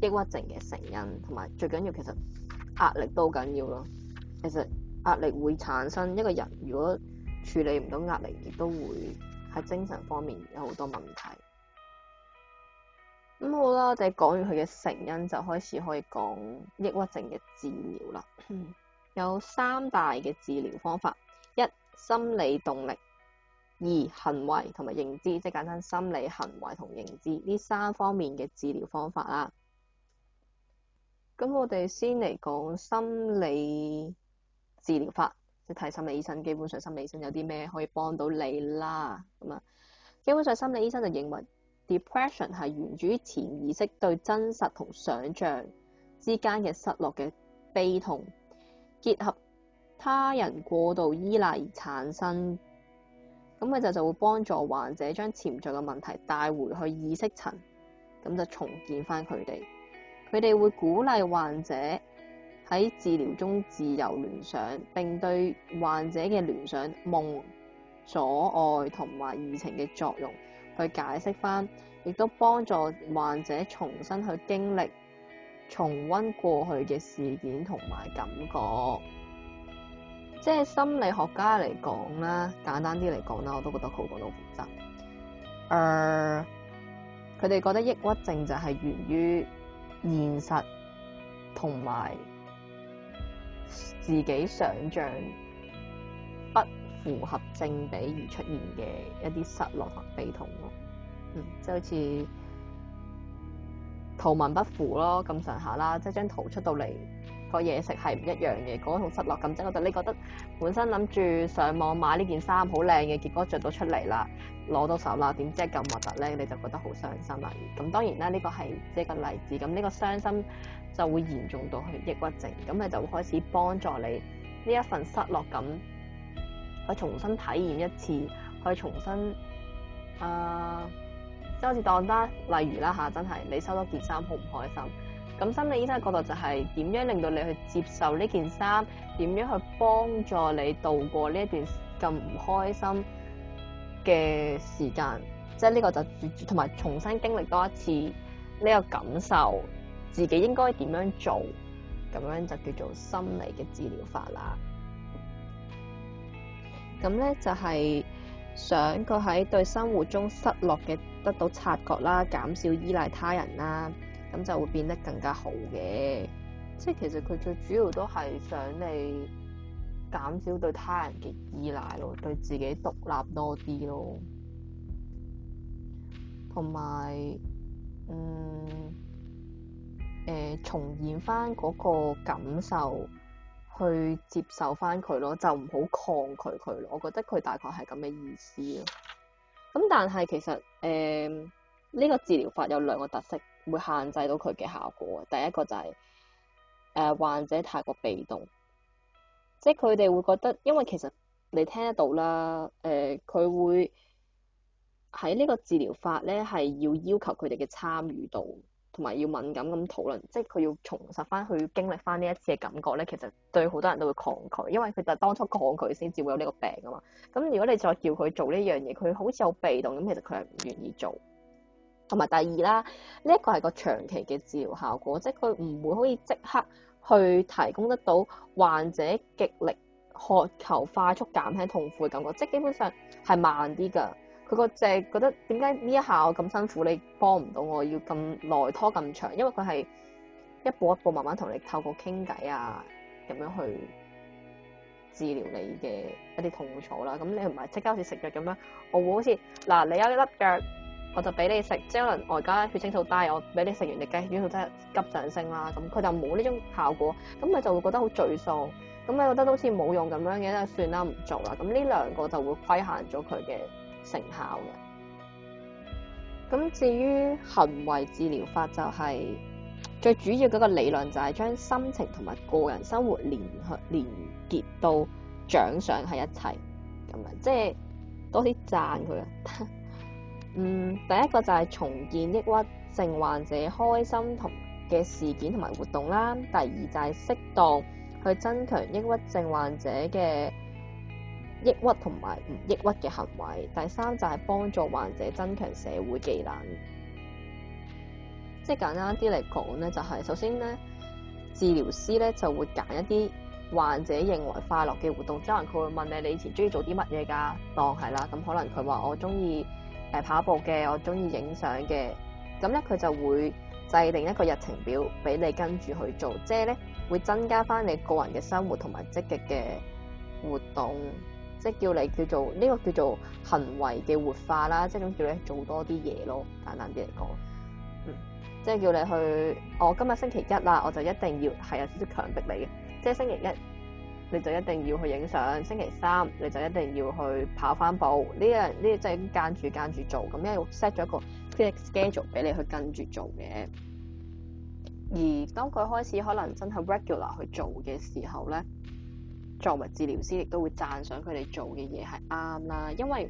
抑鬱症嘅成因，同埋最緊要其實壓力都緊要咯。其實壓力會產生一個人如果處理唔到壓力，亦都會喺精神方面有好多問題。咁、嗯、好啦，我哋講完佢嘅成因，就開始可以講抑鬱症嘅治療啦。 *coughs* 有三大嘅治療方法：一、心理動力；二、行為同埋認知，即係簡單心理、行為同認知呢三方面嘅治療方法啦。咁我哋先嚟講心理治療法，即係睇心理醫生，基本上心理醫生有啲咩可以幫到你啦。咁啊，基本上心理醫生就認為。Depression 係源自於潛意識對真實同想像之間嘅失落嘅悲痛，結合他人過度依賴而產生。咁佢就就會幫助患者將潛在嘅問題帶回去意識層，咁就重建翻佢哋。佢哋會鼓勵患者喺治療中自由聯想，並對患者嘅聯想夢、夢阻礙同埋移情嘅作用，去解釋翻，亦都幫助患者重新去經歷重温過去嘅事件同埋感覺。即係心理學家嚟講啦，簡單啲嚟講啦，我都覺得好過度複雜。誒、呃，佢哋覺得抑鬱症就係源於現實同埋自己想象。符合正比而出現嘅一啲失落同悲痛咯，嗯，即係好似圖文不符咯，咁上下啦，即係張圖出到嚟個嘢食係唔一樣嘅，嗰種失落感，即係覺得你覺得本身諗住上網買呢件衫好靚嘅，結果着到出嚟啦，攞到手啦，點知咁核突咧，你就覺得好傷心啦。咁當然啦，呢個係即係個例子，咁呢個傷心就會嚴重到去抑鬱症，咁你就會開始幫助你呢一份失落感。去重新體驗一次，去重新啊，即係，呃，好似當單，例如啦嚇，真係你收多件衫好唔開心。咁心理醫生嘅角度就係點樣令到你去接受呢件衫，點樣去幫助你度過呢一段咁唔開心嘅時間。即係呢個就同埋重新經歷多一次呢個感受，自己應該點樣做，咁樣就叫做心理嘅治療法啦。咁咧就係想佢喺對生活中失落嘅得到察覺啦，減少依賴他人啦，咁就會變得更加好嘅。即係其實佢最主要都係想你減少對他人嘅依賴咯，對自己獨立多啲咯，同埋嗯誒、呃、重現返嗰個感受。去接受翻佢咯，就唔好抗拒佢咯。我覺得佢大概係咁嘅意思咯。咁但係其實誒呢個治療法有兩個特色，會限制到佢嘅效果。第一個就係誒患者太過被動，即係佢哋會覺得，因為其實你聽得到啦，誒佢會喺呢個治療法咧係要要求佢哋嘅參與度。同埋要敏感咁討論，即係佢要重拾翻，去經歷翻呢一次嘅感覺咧，其實對好多人都會抗拒，因為佢就當初抗拒先至會有呢個病㗎嘛。咁如果你再叫佢做呢樣嘢，佢好似有被動咁，其實佢係唔願意做。同埋第二啦，呢一個係個長期嘅治療效果，即係佢唔會可以即刻去提供得到患者極力渴求快速減輕痛苦嘅感覺，即係基本上係慢啲㗎。佢個隻覺得點解呢一下我咁辛苦，你幫唔到我，要咁耐拖咁長，因為佢係一步一步慢慢同你透過傾偈啊，咁樣去治療你嘅一啲痛楚啦。咁你唔係即刻好似食藥咁樣，我會好似嗱你有一粒藥，我就俾你食，即可能我而家血清素低，我俾你食完隻雞血清素真急上升啦。咁佢就冇呢種效果，咁你就會覺,覺得好沮喪，咁你覺得好似冇用咁樣嘅，都算啦，唔做啦。咁呢兩個就會規限咗佢嘅。成效嘅。咁至於行為治療法就係，是，最主要嗰個理論就係將心情同埋個人生活連去連結到獎賞喺一齊咁樣，即係，就是，多啲讚佢啦。 *laughs* 嗯，第一個就係重建抑鬱症患者開心同嘅事件同埋活動啦。第二就係適當去增強抑鬱症患者嘅。抑鬱同埋唔抑鬱嘅行為，第三就係幫助患者增強社會技能。即係簡單啲嚟講咧，就係首先咧，治療師咧就會揀一啲患者認為快樂嘅活動，可能佢會問你：你以前中意做啲乜嘢噶？當係啦，咁可能佢話我中意誒跑步嘅，我中意影相嘅。咁咧佢就會製定一個日程表俾你跟住去做，即係咧會增加翻你個人嘅生活同埋積極嘅活動。即係叫你叫做呢個叫做行為嘅活化啦，即係咁叫你做多啲嘢咯，簡單啲嚟講，嗯，即係叫你去，我、哦、今日星期一啦，我就一定要係有少少強迫你嘅，即係星期一你就一定要去影相，星期三你就一定要去跑翻步，呢樣呢即係間住間住做，咁因為 set 咗一個即係 schedule 俾你去跟住做嘅，而當佢開始可能真係 regular 去做嘅時候咧，作為治療師，亦都會讚賞佢哋做嘅嘢係啱啦，因為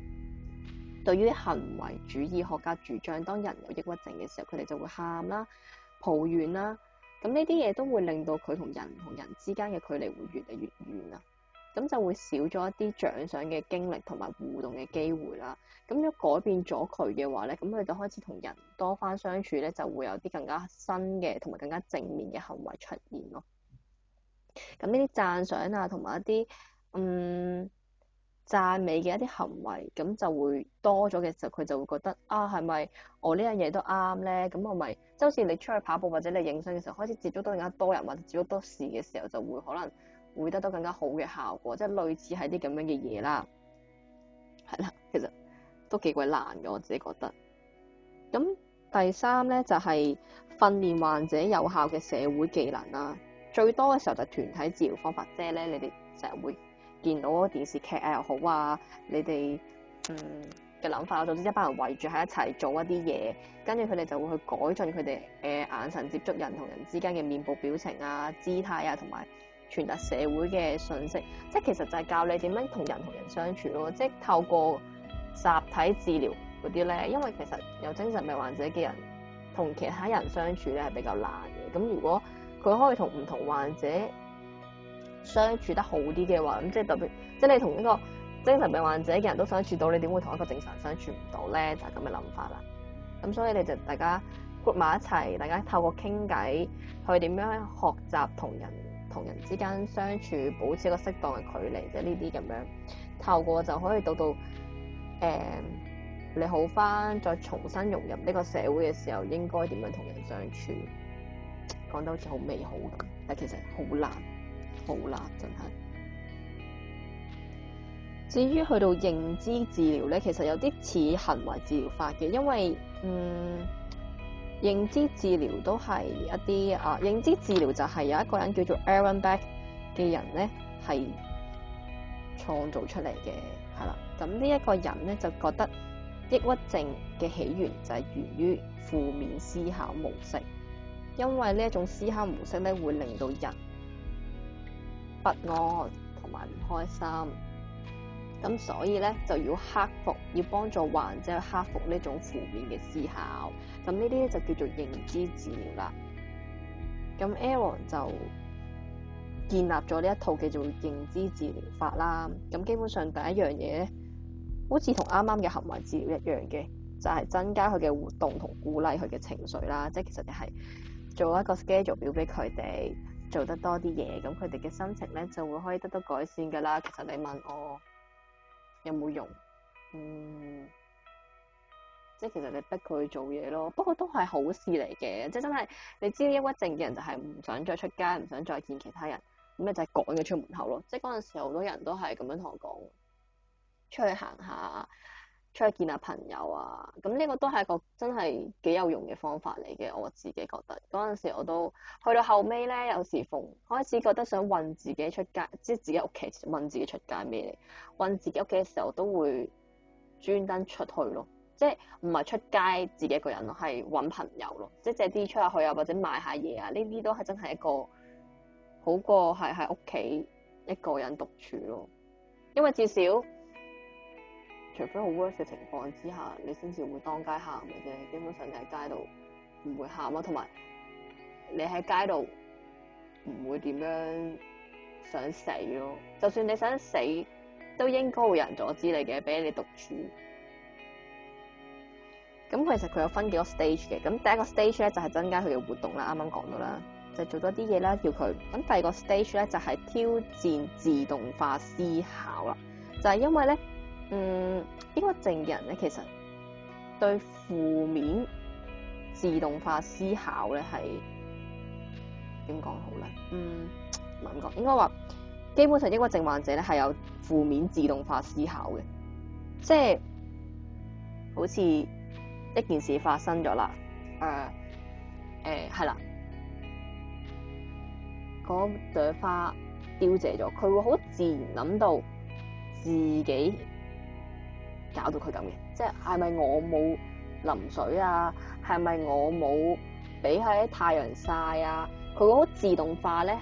對於行為主義學家主張，當人有抑鬱症嘅時候，佢哋就會喊啦、抱怨啦，咁呢啲嘢都會令到佢同人同人之間嘅距離會越嚟越遠啦，咁就會少咗一啲獎賞嘅經歷同埋互動嘅機會啦。咁若改變咗佢嘅話咧，咁佢就開始同人多翻相處咧，就會有啲更加新嘅同埋更加正面嘅行為出現咯。咁呢啲讚賞啊，同埋一啲嗯讚美嘅一啲行為，咁就會多咗嘅時候，佢就會覺得啊，係咪我呢樣嘢都啱咧？咁我咪即好似你出去跑步或者你影相嘅時候，開始接觸到更加多人或者接觸多事嘅時候，就會可能會得到更加好嘅效果，即係類似係啲咁樣嘅嘢啦。係啦，其實都幾鬼難嘅，我自己覺得。咁第三咧就係訓練患者有效嘅社會技能啦。最多嘅時候就團體治療方法啫咧，你哋成日會見到電視劇又好啊，你哋嗯嘅諗法，總之一班人圍住喺一齊做一啲嘢，跟住佢哋就會去改進佢哋誒眼神接觸、人同人之間嘅面部表情啊、姿態啊，同埋傳達社會嘅信息。即係其實就係教你點樣同人同人相處咯，即係透過集體治療嗰啲咧，因為其實有精神病患者嘅人同其他人相處咧係比較難嘅。咁如果佢可以同唔同患者相處得好啲嘅話，咁即係特別，即係你同一個精神病患者嘅人都相處到，你點會同一個正常人相處唔到咧？就係咁嘅諗法啦。咁所以你就大家 group 埋一齊，大家透過傾偈去點樣學習同人同人之間相處，保持一個適當嘅距離，即係呢啲咁樣，透過就可以到到誒、嗯，你好翻，再重新融入呢個社會嘅時候，應該點樣同人相處？講得好似好美好咁，但其實好難，好難，真係。至於去到認知治療咧，其實有啲似行為治療法嘅，因為嗯，認知治療都係一啲啊，認知治療就係有一個人叫做 Aaron Beck 嘅人咧係創造出嚟嘅，係啦。咁呢一個人咧就覺得抑鬱症嘅起源就係源於負面思考模式。因為呢一種思考模式咧，會令到人不安同埋唔開心，咁所以咧就要克服，要幫助患者克服呢種負面嘅思考。咁呢啲咧就叫做認知治療啦。咁 Aaron 就建立咗呢一套叫做認知治療法啦。咁基本上第一樣嘢，好似同啱啱嘅行為治療一樣嘅，就係、是、增加佢嘅活動同鼓勵佢嘅情緒啦。即係其實就係。做一個 schedule 表俾佢哋，做得多啲嘢，咁佢哋嘅心情咧就會可以得到改善噶啦。其實你問我、哦、有冇用，嗯，即係其實你逼佢做嘢咯。不過都係好事嚟嘅，即係真係你知抑鬱症嘅人就係唔想再出街，唔想再見其他人，咁你就係趕佢出門口咯。即係嗰陣時好多人都係咁樣同我講，出去行下。出去見下朋友啊，咁呢個都係一個真係幾有用嘅方法嚟嘅，我自己覺得。嗰陣時我都去到後尾咧，有時逢開始覺得想混自己出街，即係自己屋企混自己出街咩？混自己屋企嘅時候都會專登出去咯，即係唔係出街自己一個人咯，係搵朋友咯，即係借啲出去啊，或者買下嘢啊，呢啲都係真係一個好過係喺屋企一個人獨處咯，因為至少。除非好 worst 嘅情況之下，你先至會當街喊嘅啫。基本上你喺街度唔會喊咯，同埋你喺街度唔會點樣想死咯。就算你想死，都應該會有人阻止你嘅，俾你獨處。咁其實佢有分幾個 stage 嘅。咁第一個 stage 咧就係增加佢嘅活動啦。啱啱講到啦，就係、做多啲嘢啦，叫佢。咁第二個 stage 咧就係挑戰自動化思考啦。就係、係、因為咧。嗯，抑鬱症嘅人咧，其實對負面自動化思考咧係點講好咧？嗯，點講？應該話基本上抑鬱症患者咧係有負面自動化思考嘅，即係好似一件事發生咗啦，誒誒係啦，嗰朵花凋謝咗，佢會好自然諗到自己。搞到佢咁嘅，即係係咪我冇淋水啊？係咪我冇俾喺太陽曬啊？佢好自動化咧，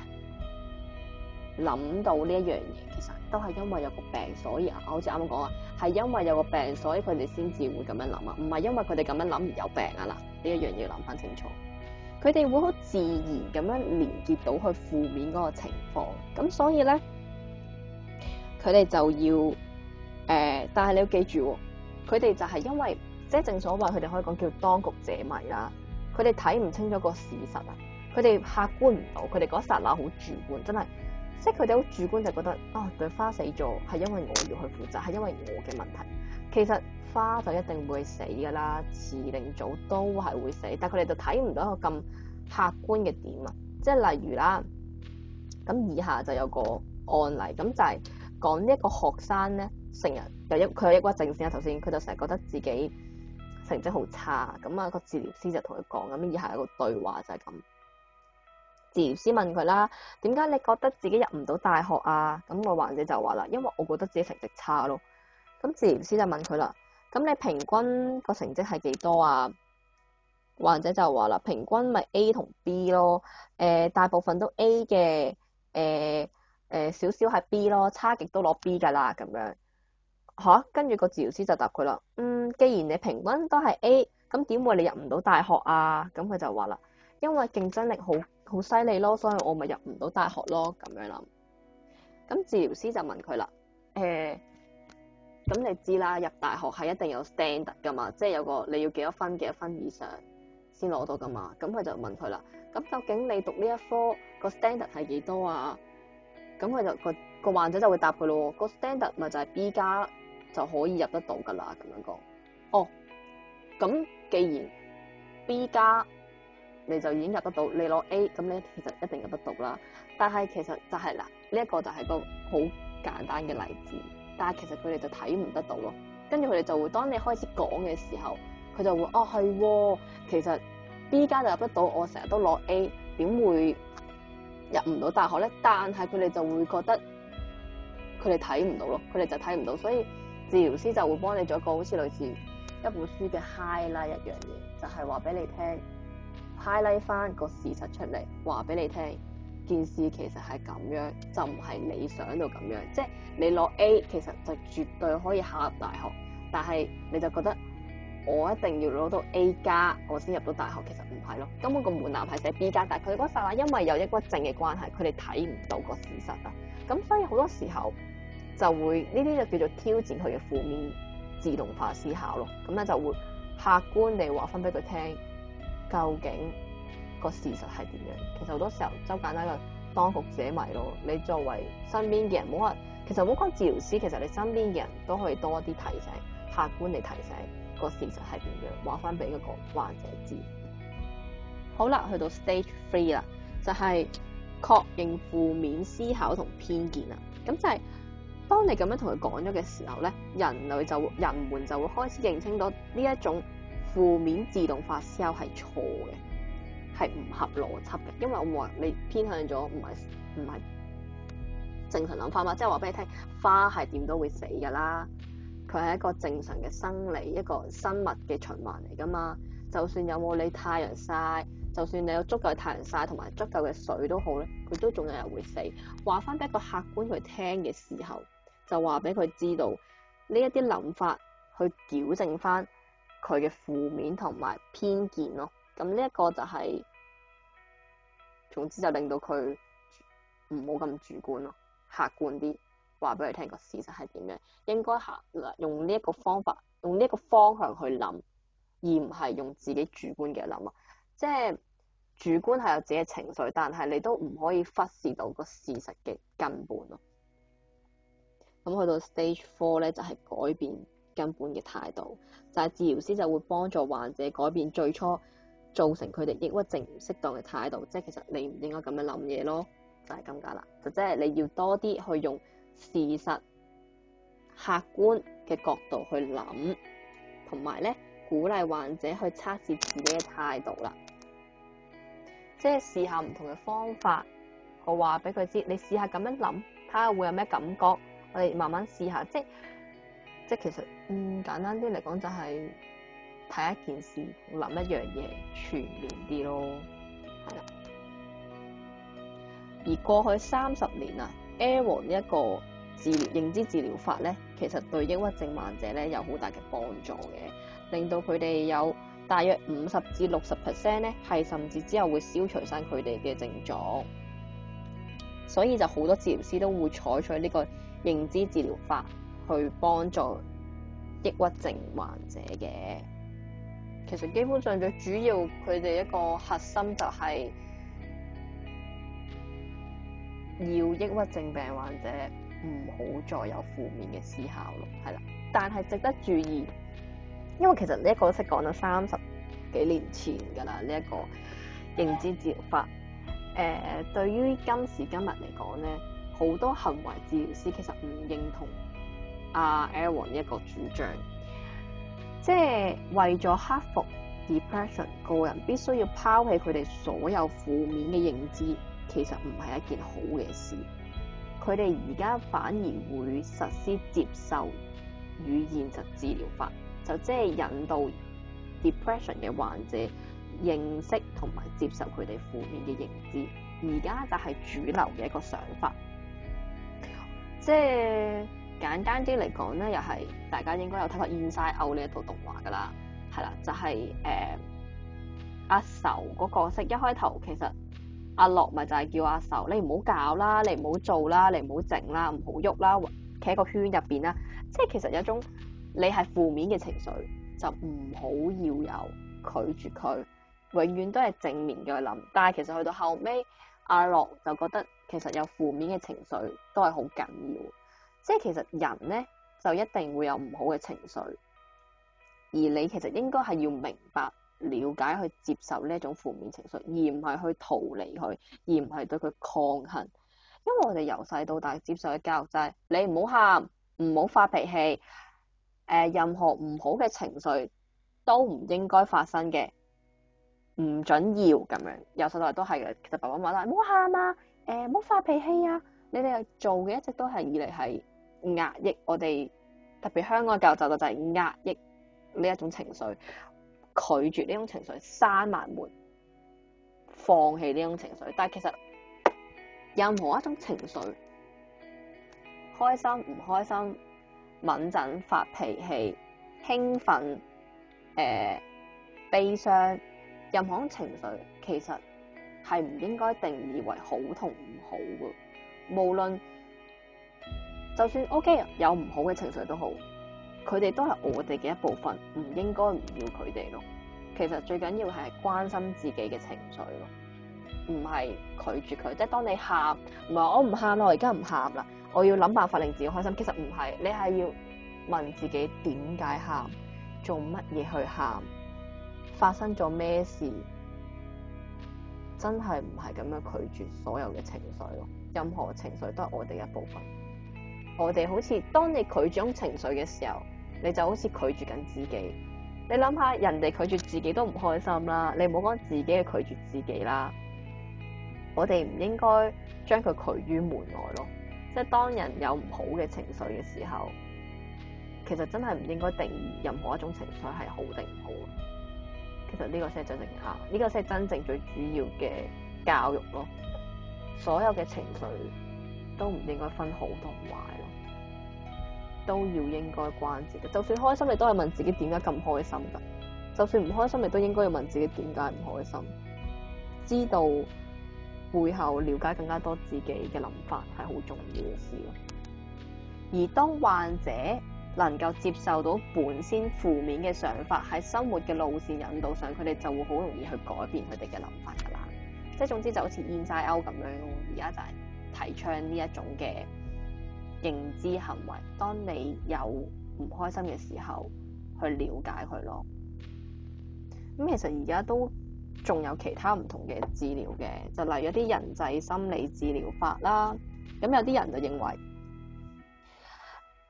諗到呢一樣嘢，其實都係因為有個病，所以啊，好似啱啱講啊，係因為有個病，所以佢哋先至會咁樣諗啊，唔係因為佢哋咁樣諗而有病啊。嗱，呢一樣嘢諗翻清楚，佢哋會好自然咁樣連結到去負面嗰個情況，咁所以咧，佢哋就要。誒、呃，但係你要記住，佢哋就係因為即係正所謂佢哋可以講叫當局者迷啦，佢哋睇唔清咗個事實啊，佢哋客觀唔到，佢哋嗰剎那好主觀，真係，即係佢哋好主觀就覺得啊，對、哦、花死咗係因為我要去負責，係因為我嘅問題，其實花就一定會死噶啦，遲定早都係會死，但係佢哋就睇唔到一個咁客觀嘅點啊，即係例如啦，咁以下就有個案例，咁就係講呢一個學生咧。成日有抑佢有抑鬱症先啊，頭先佢就成日覺得自己成績好差，咁啊個治療師就同佢講咁，以下有個對話就係咁。治療師問佢啦，點解你覺得自己入唔到大學啊？咁個患者就話啦，因為我覺得自己成績差咯。咁治療師就問佢啦，咁你平均個成績係幾多啊？患者就話啦，平均咪 A 同 B 咯、呃，誒大部分都 A 嘅，誒誒少少係 B 咯，差極都攞 B 噶啦咁樣。吓、啊，跟住個治療師就答佢啦。嗯，既然你平均都係 A，咁點會你入唔到大學啊？咁佢就話啦，因為競爭力好好犀利咯，所以我咪入唔到大學咯咁樣啦。咁治療師就問佢啦，誒、欸，咁你知啦，入大學係一定有 standard 噶嘛，即、就、係、是、有個你要幾多分，幾多分以上先攞到噶嘛。咁佢就問佢啦，咁究竟你讀呢一科個 standard 係幾多啊？咁佢就個個患者，就會答佢咯，個 standard 咪就係 B 加，就可以入得到噶啦，咁樣講哦。咁既然 B 加你就已經入得到，你攞 A 咁呢其實一定入得到啦。但係其實就係、是、啦，呢、這、一個就係個好簡單嘅例子。但係其實佢哋就睇唔得到咯。跟住佢哋就會當你開始講嘅時候，佢就會哦係、啊，其實 B 加就入得到，我成日都攞 A 點會入唔到大學咧？但係佢哋就會覺得佢哋睇唔到咯，佢哋就睇唔到，所以。治療師就會幫你做一個好似類似一本書嘅 highlight 一樣嘢，就係話俾你聽 highlight 翻個事實出嚟，話俾你聽件事其實係咁樣，就唔係你想到咁樣。即係你攞 A 其實就絕對可以考入大學，但係你就覺得我一定要攞到 A 加我先入到大學，其實唔係咯。根本個門檻係寫 B 加，但係佢嗰陣話因為有抑鬱症嘅關係，佢哋睇唔到個事實啊。咁所以好多時候。就會呢啲就叫做挑戰佢嘅負面自動化思考咯，咁咧就會客觀地話分俾佢聽，究竟個事實係點樣？其實好多時候，周簡單嘅當局者迷咯。你作為身邊嘅人，唔好話，其實唔好話治療師，其實你身邊嘅人都可以多一啲提醒，客觀地提醒個事實係點樣，話翻俾個患者知。好啦，去到 stage three 啦，就係、是、確認負面思考同偏見啦，咁就係、是。當你咁樣同佢講咗嘅時候咧，人類就人們就會開始認清到呢一種負面自動發燒係錯嘅，係唔合邏輯嘅。因為我話你偏向咗唔係唔係正常諗法嘛，即係話俾你聽，花係點都會死噶啦。佢係一個正常嘅生理，一個生物嘅循環嚟噶嘛。就算有冇你太陽曬，就算你有足夠嘅太陽曬同埋足夠嘅水也好都好咧，佢都仲有人會死。話翻俾一個客觀去聽嘅時候。就話俾佢知道呢一啲諗法，去矯正翻佢嘅負面同埋偏見咯。咁呢一個就係，總之就令到佢唔好咁主觀咯，客觀啲話俾佢聽個事實係點樣，應該行用呢一個方法，用呢一個方向去諗，而唔係用自己主觀嘅諗啊。即係主觀係有自己嘅情緒，但係你都唔可以忽視到個事實嘅根本咯。咁去到 stage four 咧，就係改變根本嘅態度。就係治療師就會幫助患者改變最初造成佢哋抑鬱症唔適當嘅態度，即係其實你唔應該咁樣諗嘢咯，就係咁架啦。就即係你要多啲去用事實客觀嘅角度去諗，同埋咧鼓勵患者去測試自己嘅態度啦，即係試下唔同嘅方法，我話俾佢知，你試下咁樣諗，睇下會有咩感覺。我哋慢慢試下，即係即係其實，嗯，簡單啲嚟講，就係睇一件事，諗一樣嘢，全面啲咯。係啦，而過去三十年啊，a 呢一個治療認知治療法咧，其實對抑鬱症患者咧有好大嘅幫助嘅，令到佢哋有大約五十至六十 percent 咧係甚至之後會消除晒佢哋嘅症狀。所以就好多治療師都會採取呢、這個。認知治療法去幫助抑鬱症患者嘅，其實基本上最主要佢哋一個核心就係要抑鬱症病患者唔好再有負面嘅思考咯，係啦。但係值得注意，因為其實呢一個都識講咗三十幾年前㗎喇，呢一個認知治療法，誒，對於今時今日嚟講咧。好多行為治療師其實唔認同阿 Aaron 一個主張，即係為咗克服 depression，個人必須要拋棄佢哋所有負面嘅認知，其實唔係一件好嘅事。佢哋而家反而會實施接受與現實治療法，就即係引導 depression 嘅患者認識同埋接受佢哋負面嘅認知。而家就係主流嘅一個想法。即係簡單啲嚟講咧，又係大家應該有睇過《Inside Out》呢一套動畫噶啦，係啦，就係、是、誒、呃、阿愁個角色一開頭其實阿樂咪就係叫阿愁，你唔好搞啦，你唔好做啦，你唔好靜啦，唔好喐啦，企喺個圈入邊啦。即係其實有一種你係負面嘅情緒，就唔好要有拒絕佢，永遠都係正面嘅去諗。但係其實去到後尾阿樂就覺得。其實有負面嘅情緒都係好緊要的，即係其實人呢就一定會有唔好嘅情緒，而你其實應該係要明白、了解、去接受呢一種負面情緒，而唔係去逃離佢，而唔係對佢抗衡。因為我哋由細到大接受嘅教育就係、是、你唔好喊，唔好發脾氣，誒、呃，任何唔好嘅情緒都唔應該發生嘅，唔准要咁樣。由細到大都係嘅。其實爸爸媽媽話啦，唔好喊啊。誒，唔好發脾氣啊！你哋係做嘅，一直都係以嚟係壓抑我哋，特別香港教育就就就係壓抑呢一種情緒，拒絕呢種情緒，閂埋門，放棄呢種情緒。但係其實任何一種情緒，開心、唔開心、敏感、發脾氣、興奮、誒、呃、悲傷，任何一種情緒，其實。係唔應該定義為好同唔好噶無論就算 OK，有唔好嘅情緒都好，佢哋都係我哋嘅一部分，唔應該唔要佢哋咯。其實最緊要係關心自己嘅情緒咯，唔係拒絕佢。即係當你喊唔係我唔喊咯，我而家唔喊啦，我要諗辦法令自己開心。其實唔係，你係要問自己點解喊，做乜嘢去喊，發生咗咩事。真係唔係咁樣拒絕所有嘅情緒咯，任何情緒都係我哋一部分。我哋好似當你拒絕情緒嘅時候，你就好似拒絕緊自己。你諗下，人哋拒絕自己都唔開心啦，你唔好講自己嘅拒絕自己啦。我哋唔應該將佢拒於門外咯。即係當人有唔好嘅情緒嘅時候，其實真係唔應該定義任何一種情緒係好定唔好。其實呢個先係真正啊，呢個先係真正最主要嘅教育咯。所有嘅情緒都唔應該分好同壞咯，都要應該關注嘅。就算開心，你都係問自己點解咁開心噶；就算唔開心，你都應該要問自己點解唔開心。知道背後了解更加多自己嘅諗法係好重要嘅事咯。而當患者。能夠接受到本身負面嘅想法，喺生活嘅路線引導上，佢哋就會好容易去改變佢哋嘅諗法噶啦。即係總之就好似 Inside Out 咁樣咯。而家就係提倡呢一種嘅認知行為。當你有唔開心嘅時候，去了解佢咯。咁其實而家都仲有其他唔同嘅治療嘅，就例如一啲人際心理治療法啦。咁有啲人就認為。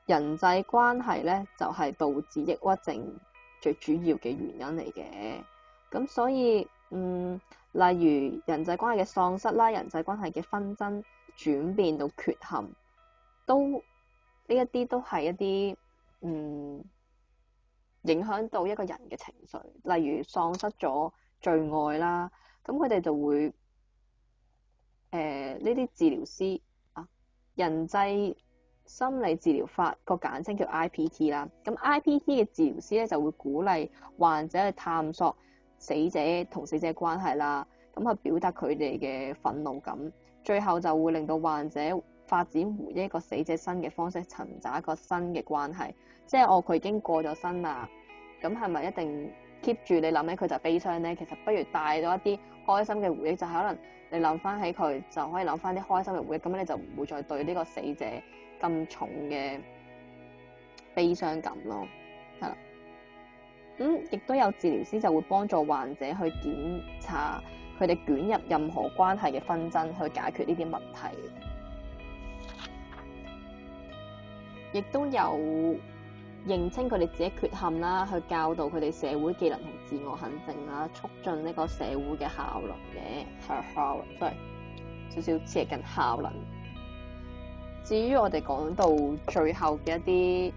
人際關係咧，就係、是、導致抑鬱症最主要嘅原因嚟嘅。咁所以嗯，例如人際關係嘅喪失啦，人際關係嘅紛爭轉變到缺陷，都呢一啲都係一啲嗯影響到一個人嘅情緒，例如喪失咗最愛啦，咁佢哋就會誒呢啲治療師啊人際心理治療法個簡稱叫 IPT 啦。咁 IPT 嘅治療師咧就會鼓勵患者去探索死者同死者嘅關係啦。咁去表達佢哋嘅憤怒感，最後就會令到患者發展回憶一個死者新嘅方式，尋找一個新嘅關係。即係我佢已經過咗身啦，咁係咪一定 keep 住你諗起佢就悲傷咧？其實不如帶到一啲開心嘅回憶，就係可能你諗翻起佢就可以諗翻啲開心嘅回憶，咁你就唔會再對呢個死者。咁重嘅悲傷感咯，係啦，咁亦都有治療師就會幫助患者去檢查佢哋捲入任何關係嘅紛爭，去解決呢啲問題。亦都有認清佢哋自己缺陷啦，去教導佢哋社會技能同自我肯定啦，促進呢個社會嘅效能嘅，係啊，效能，對，即係少少接近效能。至於我哋講到最後嘅一啲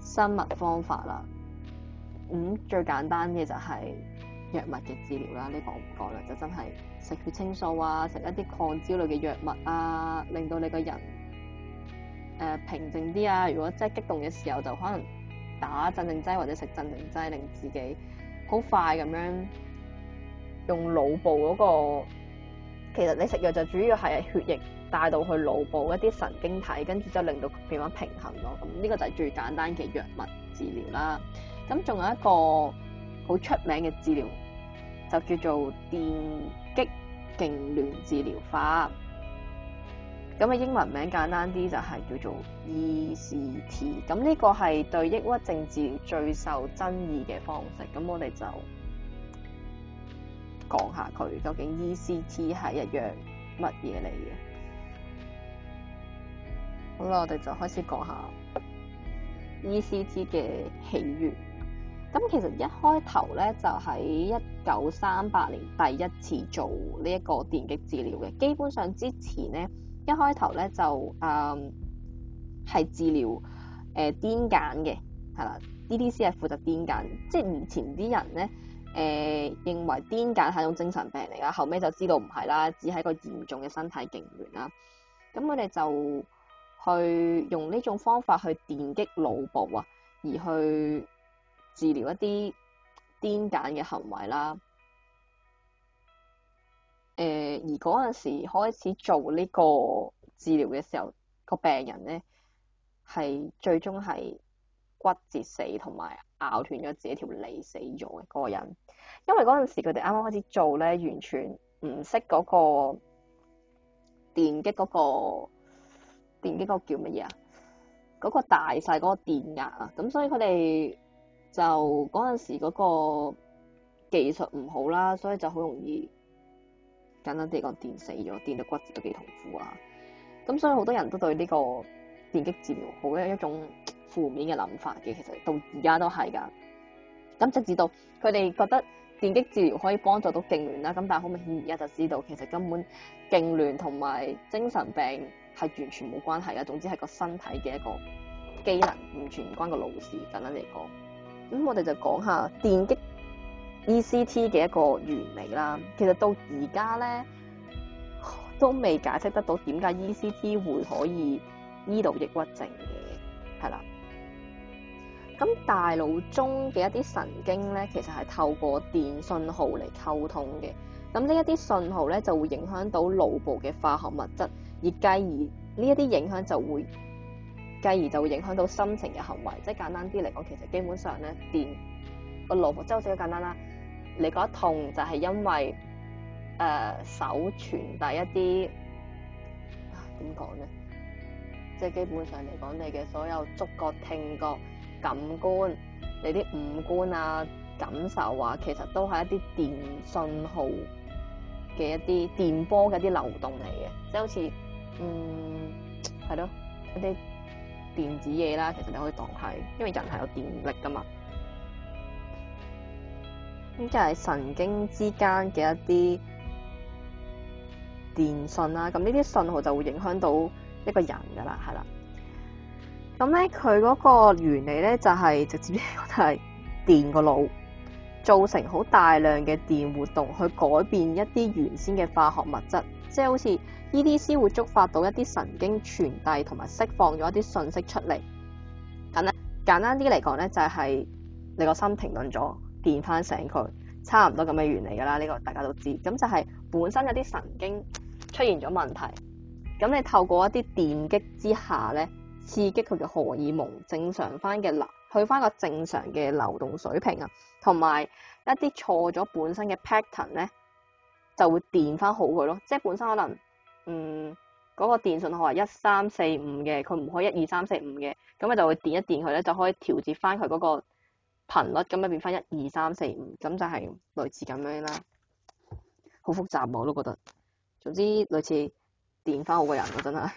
生物方法啦，咁、嗯、最簡單嘅就係藥物嘅治療啦。呢個唔講啦，就真係食血清素啊，食一啲抗焦慮嘅藥物啊，令到你個人誒、呃、平靜啲啊。如果真係激動嘅時候，就可能打鎮定劑或者食鎮定劑，令自己好快咁樣用腦部嗰、那個。其實你食藥就主要係血液。帶到去腦部一啲神經體，跟住就令到佢變返平衡咯。咁呢個就係最簡單嘅藥物治療啦。咁仲有一個好出名嘅治療，就叫做電擊痙攣治療法。咁嘅英文名簡單啲就係叫做 ECT。咁呢個係對抑鬱症治療最受爭議嘅方式。咁我哋就講下佢究竟 ECT 係一樣乜嘢嚟嘅。咁我哋就開始講下 E.C.T. 嘅起源。咁其實一開頭咧，就喺一九三八年第一次做呢一個電擊治療嘅。基本上之前咧，一開頭咧就誒係、嗯、治療誒、呃、癲癇嘅係啦。DDC 係負責癲癇，即係以前啲人咧誒、呃、認為癲癇係一種精神病嚟㗎，後尾就知道唔係啦，只係一個嚴重嘅身體痙攣啦。咁我哋就。去用呢種方法去電擊腦部啊，而去治療一啲癲癇嘅行為啦。誒、呃，而嗰陣時候開始做呢個治療嘅時候，個病人咧係最終係骨折死，同埋咬斷咗自己條脷死咗嘅嗰個人。因為嗰陣時佢哋啱啱開始做咧，完全唔識嗰個電擊嗰、個。電擊嗰個叫乜嘢啊？嗰、嗰個大細嗰個電壓啊，咁所以佢哋就嗰陣時嗰個技術唔好啦，所以就好容易簡單啲講電死咗，電到骨折都幾痛苦啊。咁所以好多人都對呢個電擊治療好有一種負面嘅諗法嘅，其實到而家都係噶。咁直至到佢哋覺得電擊治療可以幫助到痙攣啦，咁但係好明顯而家就知道，其實根本痙攣同埋精神病。係完全冇關係噶，總之係個身體嘅一個機能，完全唔關個腦事咁樣嚟講。咁我哋就講下電擊 ECT 嘅一個原理啦。其實到而家咧都未解釋得到點解 ECT 會可以醫到抑鬱症嘅，係啦。咁大腦中嘅一啲神經咧，其實係透過電信號嚟溝通嘅。咁呢一啲信號咧，就會影響到腦部嘅化學物質。而繼而呢一啲影響就會繼而就會影響到心情嘅行為，即係簡單啲嚟講，其實基本上咧電個腦部，即係好似簡單啦，你覺得痛就係因為誒、呃、手傳遞一啲啊點講咧，即係基本上嚟講，你嘅所有觸覺、聽覺、感官、你啲五官啊感受啊，其實都係一啲電信號嘅一啲電波嘅一啲流動嚟嘅，即係好似。嗯，係咯，一啲電子嘢啦，其實你可以當係，因為人係有電力噶嘛，咁就係神經之間嘅一啲電訊啦，咁呢啲信號就會影響到一個人噶啦，係啦，咁咧佢嗰個原理咧就係直接係電個腦，造成好大量嘅電活動去改變一啲原先嘅化學物質。即係好似 EDC 會觸發到一啲神經傳遞同埋釋放咗一啲訊息出嚟。咁咧簡單啲嚟講咧，就係你個心停頓咗，電翻醒佢，差唔多咁嘅原理㗎啦。呢、呢個大家都知道。咁就係、是、本身有啲神經出現咗問題，咁你透過一啲電擊之下咧，刺激佢嘅荷爾蒙正常翻嘅流，去翻個正常嘅流動水平啊，同埋一啲錯咗本身嘅 pattern 咧。就會電翻好佢咯，即係本身可能，嗯，嗰個電訊號係一三四五嘅，佢唔可以一二三四五嘅，咁佢就會電一電佢咧，就可以調節翻佢嗰個頻率，咁咪變翻一二三四五，咁就係類似咁樣啦。好複雜我都覺得，總之類似電翻好個人咯，真係，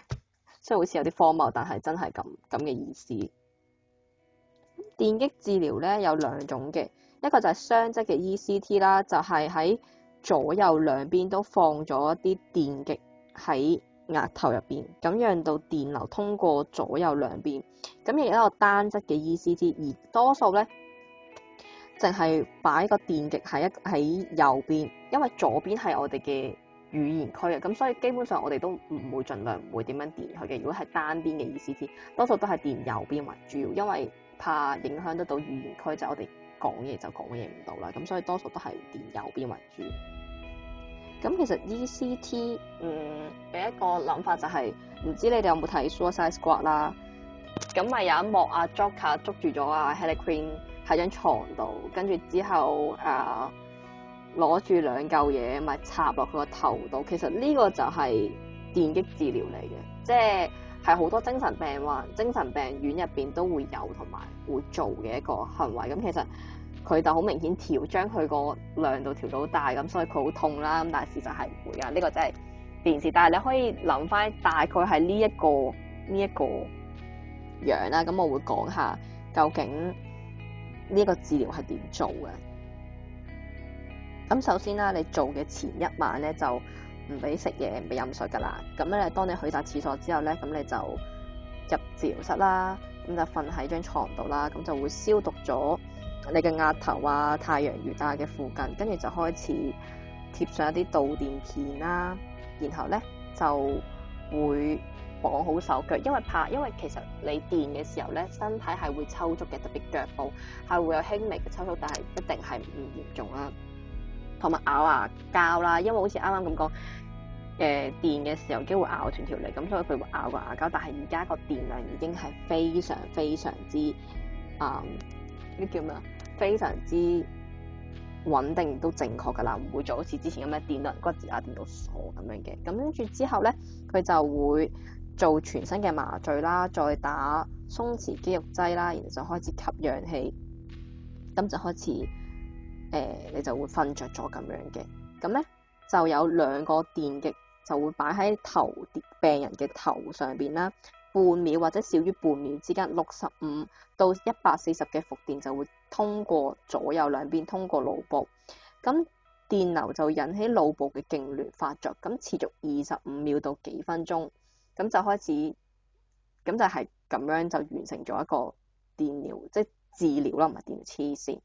雖然好似有啲荒謬，但係真係咁咁嘅意思。電擊治療咧有兩種嘅，一個就係雙側嘅 ECT 啦，就係喺。左右兩邊都放咗一啲電極喺額頭入邊，咁讓到電流通過左右兩邊。咁亦都有單側嘅 ECT，而多數咧，淨係擺個電極喺一喺右邊，因為左邊係我哋嘅語言區啊。咁所以基本上我哋都唔會盡量唔會點樣電佢嘅。如果係單邊嘅 ECT，多數都係電右邊為主要，因為怕影響得到語言區，我們就我哋講嘢就講嘢唔到啦。咁所以多數都係電右邊為主。咁其實 ECT 嗯，俾一個諗法就係，唔知你哋有冇睇 Suicide Squad 啦，咁咪有一幕阿 Joker 捉住咗阿 Harley Quinn 喺張床度，跟住之後誒攞住兩嚿嘢咪插落佢個頭度。其實呢個就係電擊治療嚟嘅，即係係好多精神病患、精神病院入邊都會有同埋會做嘅一個行為，咁其實。佢就好明顯調將佢個量度調到大咁，所以佢好痛啦。咁但係事實係唔會啊，呢個真係電視。但係你可以諗翻大概係呢一個呢一個樣啦。咁我會講下究竟呢一個治療係點做嘅。咁首先啦，你做嘅前一晚咧就唔俾食嘢，唔俾飲水㗎啦。咁咧，當你去晒廁所之後咧，咁你就入治療室啦，咁就瞓喺張床度啦，咁就會消毒咗你嘅額頭啊、太陽穴啊嘅附近，跟住就開始貼上一啲導電片啦，然後咧就會綁好手腳，因為怕，因為其實你電嘅時候咧，身體係會抽搐嘅，特別腳部係會有輕微嘅抽搐，但係一定係唔嚴重啦。同埋咬牙膠啦，因為好似啱啱咁講，誒、呃、電嘅時候機會咬斷條脷，咁所以佢會咬個牙膠，但係而家個電量已經係非常非常之，誒、嗯，呢叫咩啊？非常之穩定，都正確㗎啦，唔會做好似之前咁樣電輪骨折啊，電到傻咁樣嘅。咁跟住之後咧，佢就會做全身嘅麻醉啦，再打鬆弛肌肉劑啦，然後就開始吸氧氣，咁就開始誒、呃，你就會瞓着咗咁樣嘅。咁咧就有兩個電極就會擺喺頭病人嘅頭上邊啦，半秒或者少於半秒之間，六十五到一百四十嘅伏電就會，通過左右兩邊通過腦部，咁電流就引起腦部嘅痙攣發作，咁持續二十五秒到幾分鐘，咁就開始，咁就係咁樣就完成咗一個電療，即係治療啦，唔係電療黐線，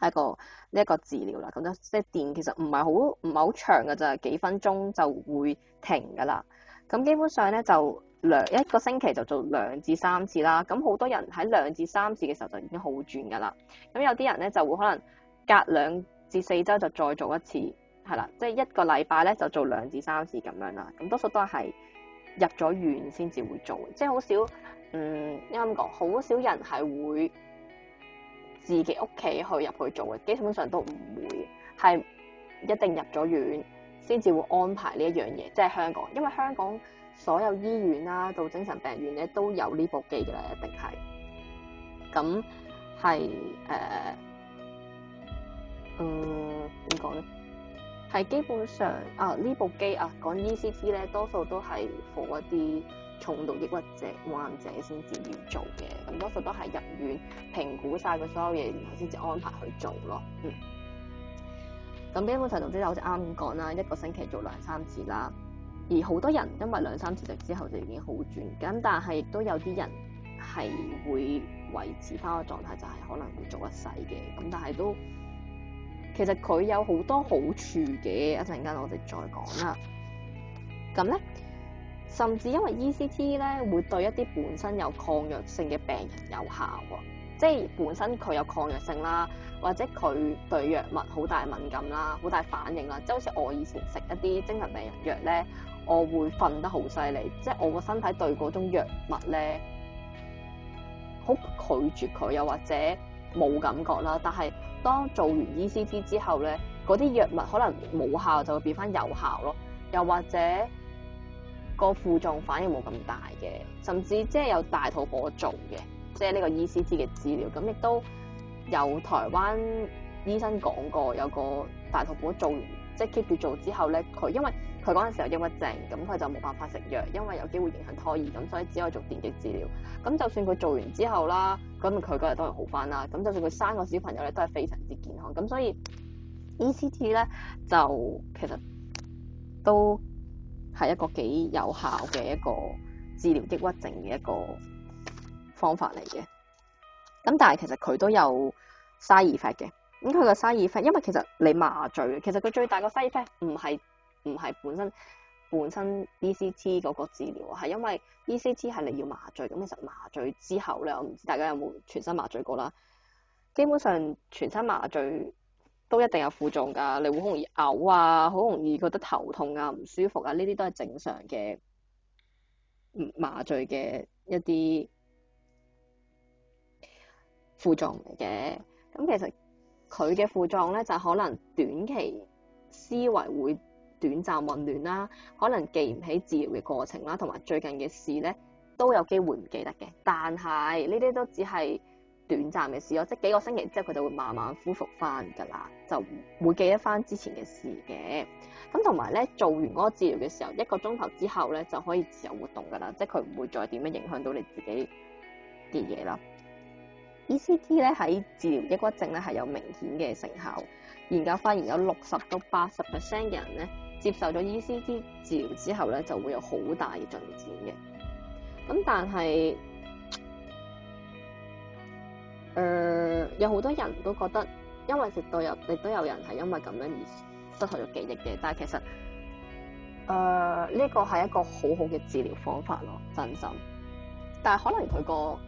係一個呢一個治療啦。咁樣即係電其實唔係好唔係好長噶咋，幾分鐘就會停噶啦。咁基本上咧就兩一個星期就做兩至三次啦。咁好多人喺兩至三次嘅時候就已經好轉噶啦。咁有啲人咧就會可能隔兩至四周就再做一次，係啦，即係一個禮拜咧就做兩至三次咁樣啦。咁多數都係入咗院先至會做，即係好少，嗯，啱啱講，好少人係會自己屋企去入去做嘅，基本上都唔會，係一定入咗院。先至會安排呢一樣嘢，即係香港，因為香港所有醫院啦、啊，到精神病院咧都有呢部機嘅啦，一定係。咁係誒，嗯，點講咧？係基本上啊，呢部機啊講 ECT 咧，多數都係服一啲重度抑鬱症患者先至要做嘅，咁多數都係入院評估晒佢所有嘢，然後先至安排去做咯，嗯。咁基本上，總之我哋啱講啦，一個星期做兩三次啦。而好多人因為兩三次之後就已經好轉，咁但係都有啲人係會維持翻個狀態，就係可能會做一世嘅。咁但係都其實佢有好多好處嘅，一陣間我哋再講啦。咁咧，甚至因為 ECT 咧會對一啲本身有抗藥性嘅病人有效喎。即係本身佢有抗藥性啦，或者佢對藥物好大敏感啦，好大反應啦。即係好似我以前食一啲精神病人藥咧，我會瞓得好犀利，即係我個身體對嗰種藥物咧好拒絕佢，又或者冇感覺啦。但係當做完 ECT 之後咧，嗰啲藥物可能冇效就會變翻有效咯，又或者個副作用反應冇咁大嘅，甚至即係有大肚婆做嘅。即係呢個 E.C.T 嘅治療，咁亦都有台灣醫生講過，有個大肚婆做完，即係 keep 住做之後咧，佢因為佢嗰陣時候有抑鬱症，咁佢就冇辦法食藥，因為有機會影響胎兒，咁所以只可以做電擊治療。咁就算佢做完之後啦，咁佢嗰日都係好返啦。咁就算佢生個小朋友咧，都係非常之健康。咁所以 E.C.T 咧，就其實都係一個幾有效嘅一個治療抑鬱症嘅一個方法嚟嘅，咁但係其實佢都有 side effect 嘅，咁佢個 side effect，因為其實你麻醉，其實佢最大個 side effect 唔係唔係本身本身 E C T 嗰個治療，係因為 E C T 係你要麻醉，咁其實麻醉之後咧，我唔知大家有冇全身麻醉過啦，基本上全身麻醉都一定有副作用噶，你會好容易嘔啊，好容易覺得頭痛啊、唔舒服啊，呢啲都係正常嘅麻醉嘅一啲。副作用嚟嘅，咁其實佢嘅副作用咧就可能短期思維會短暫混亂啦，可能記唔起治療嘅過程啦，同埋最近嘅事咧都有機會唔記得嘅。但係呢啲都只係短暫嘅事咯，即係幾個星期之後佢就會慢慢恢復翻㗎啦，就會記得翻之前嘅事嘅。咁同埋咧做完嗰個治療嘅時候，一個鐘頭之後咧就可以自由活動㗎啦，即係佢唔會再點樣影響到你自己啲嘢啦。ECT 咧喺治療抑鬱症咧係有明顯嘅成效，研究發現有六十到八十 percent 嘅人咧接受咗 ECT 治療之後咧就會有好大嘅進展嘅。咁但係，誒、呃、有好多人都覺得，因為食到有亦都有人係因為咁樣而失去咗記憶嘅。但係其實，誒呢個係一個好好嘅治療方法咯，真心。但係可能佢個。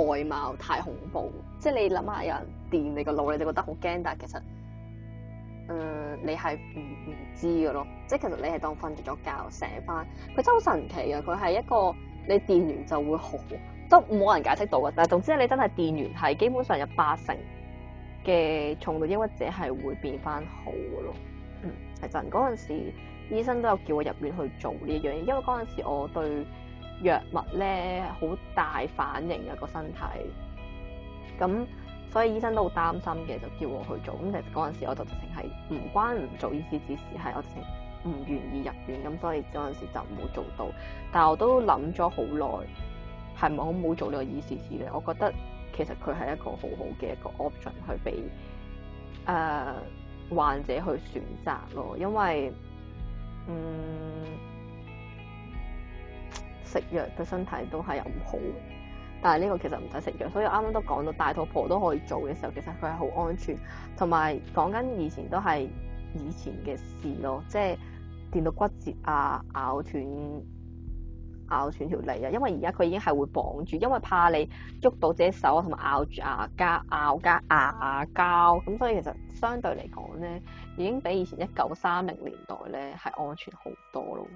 外貌太恐怖，即係你諗下有人電你個腦，你就覺得好驚。但係其實，誒、嗯，你係唔唔知嘅咯。即係其實你係當瞓住咗覺醒翻，佢真係好神奇啊！佢係一個你電完就會好，都冇人解釋到嘅。但係總之你真係電完係，基本上有八成嘅重度抑鬱者係會變翻好嘅咯。嗯，係真。嗰陣時醫生都有叫我入院去做呢樣嘢，因為嗰陣時我對。藥物，咧好大反應啊，個身體，咁所以醫生都好擔心嘅，就叫我去做。咁其實嗰陣時我就直情係唔關唔做醫師指示，係我直情唔願意入院，咁所以嗰陣時就冇做到。但係我都諗咗好耐，係咪好唔冇做呢個醫師指示？我覺得其實佢係一個好好嘅一個 option 去俾誒、呃、患者去選擇咯，因為嗯。食藥對身體都係又唔好，但係呢個其實唔使食藥，所以我啱啱都講到大肚婆都可以做嘅時候，其實佢係好安全，同埋講緊以前都係以前嘅事咯，即係電到骨折啊、咬斷咬斷條脷啊，因為而家佢已經係會綁住，因為怕你捉到自己手，同埋咬住牙膠、咬牙、啊、咬牙膠、啊，咁所以其實相對嚟講咧，已經比以前一九三零年代咧係安全好多咯，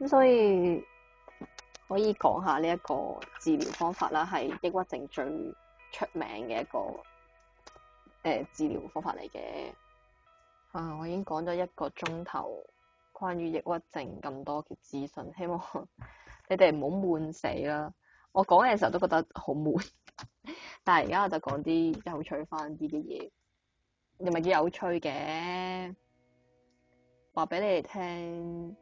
咁所以。可以講下呢一個治療方法啦，係抑鬱症最出名嘅一個誒、呃、治療方法嚟嘅。啊，我已經講咗一個鐘頭關於抑鬱症咁多嘅資訊，希望你哋唔好悶死啦。我講嘅時候都覺得好悶，但係而家我就講啲有趣翻啲嘅嘢，你咪幾有趣嘅，話俾你哋聽。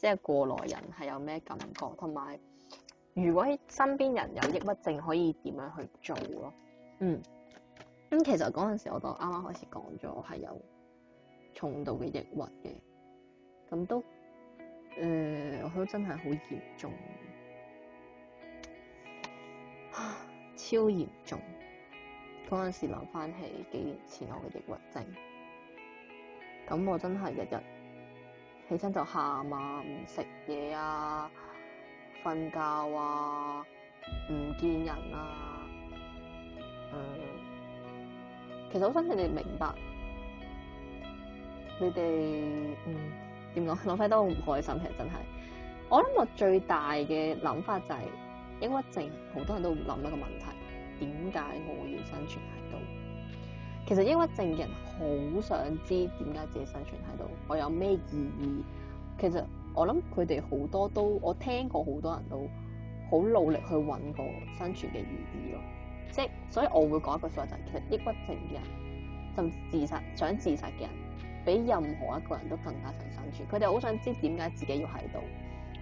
即係過來人係有咩感覺，同埋如果喺身邊人有抑鬱症可以點樣去做咯？嗯，咁、嗯、其實嗰陣時候我都啱啱開始講咗係有重度嘅抑鬱嘅，咁都誒、呃、我都真係好嚴重，啊、超嚴重。嗰陣時諗翻起幾年前我嘅抑鬱症，咁我真係日日。起身就喊啊，唔食嘢啊，瞓覺啊，唔見人啊，誒、嗯，其實我想你哋明白，你哋，嗯，點講，我 *laughs* 輝都好唔開心，其實真係，我諗我最大嘅諗法就係抑鬱症，好多人都諗一個問題，點解我要生存喺度？其實抑鬱症嘅人好想知點解自己生存喺度，我有咩意義？其實我諗佢哋好多都，我聽過好多人都好努力去搵個生存嘅意義咯。即係，所以我會講一句說話就係，其實抑鬱症嘅人，甚至自殺想自殺嘅人，比任何一個人都更加想生存。佢哋好想知點解自己要喺度，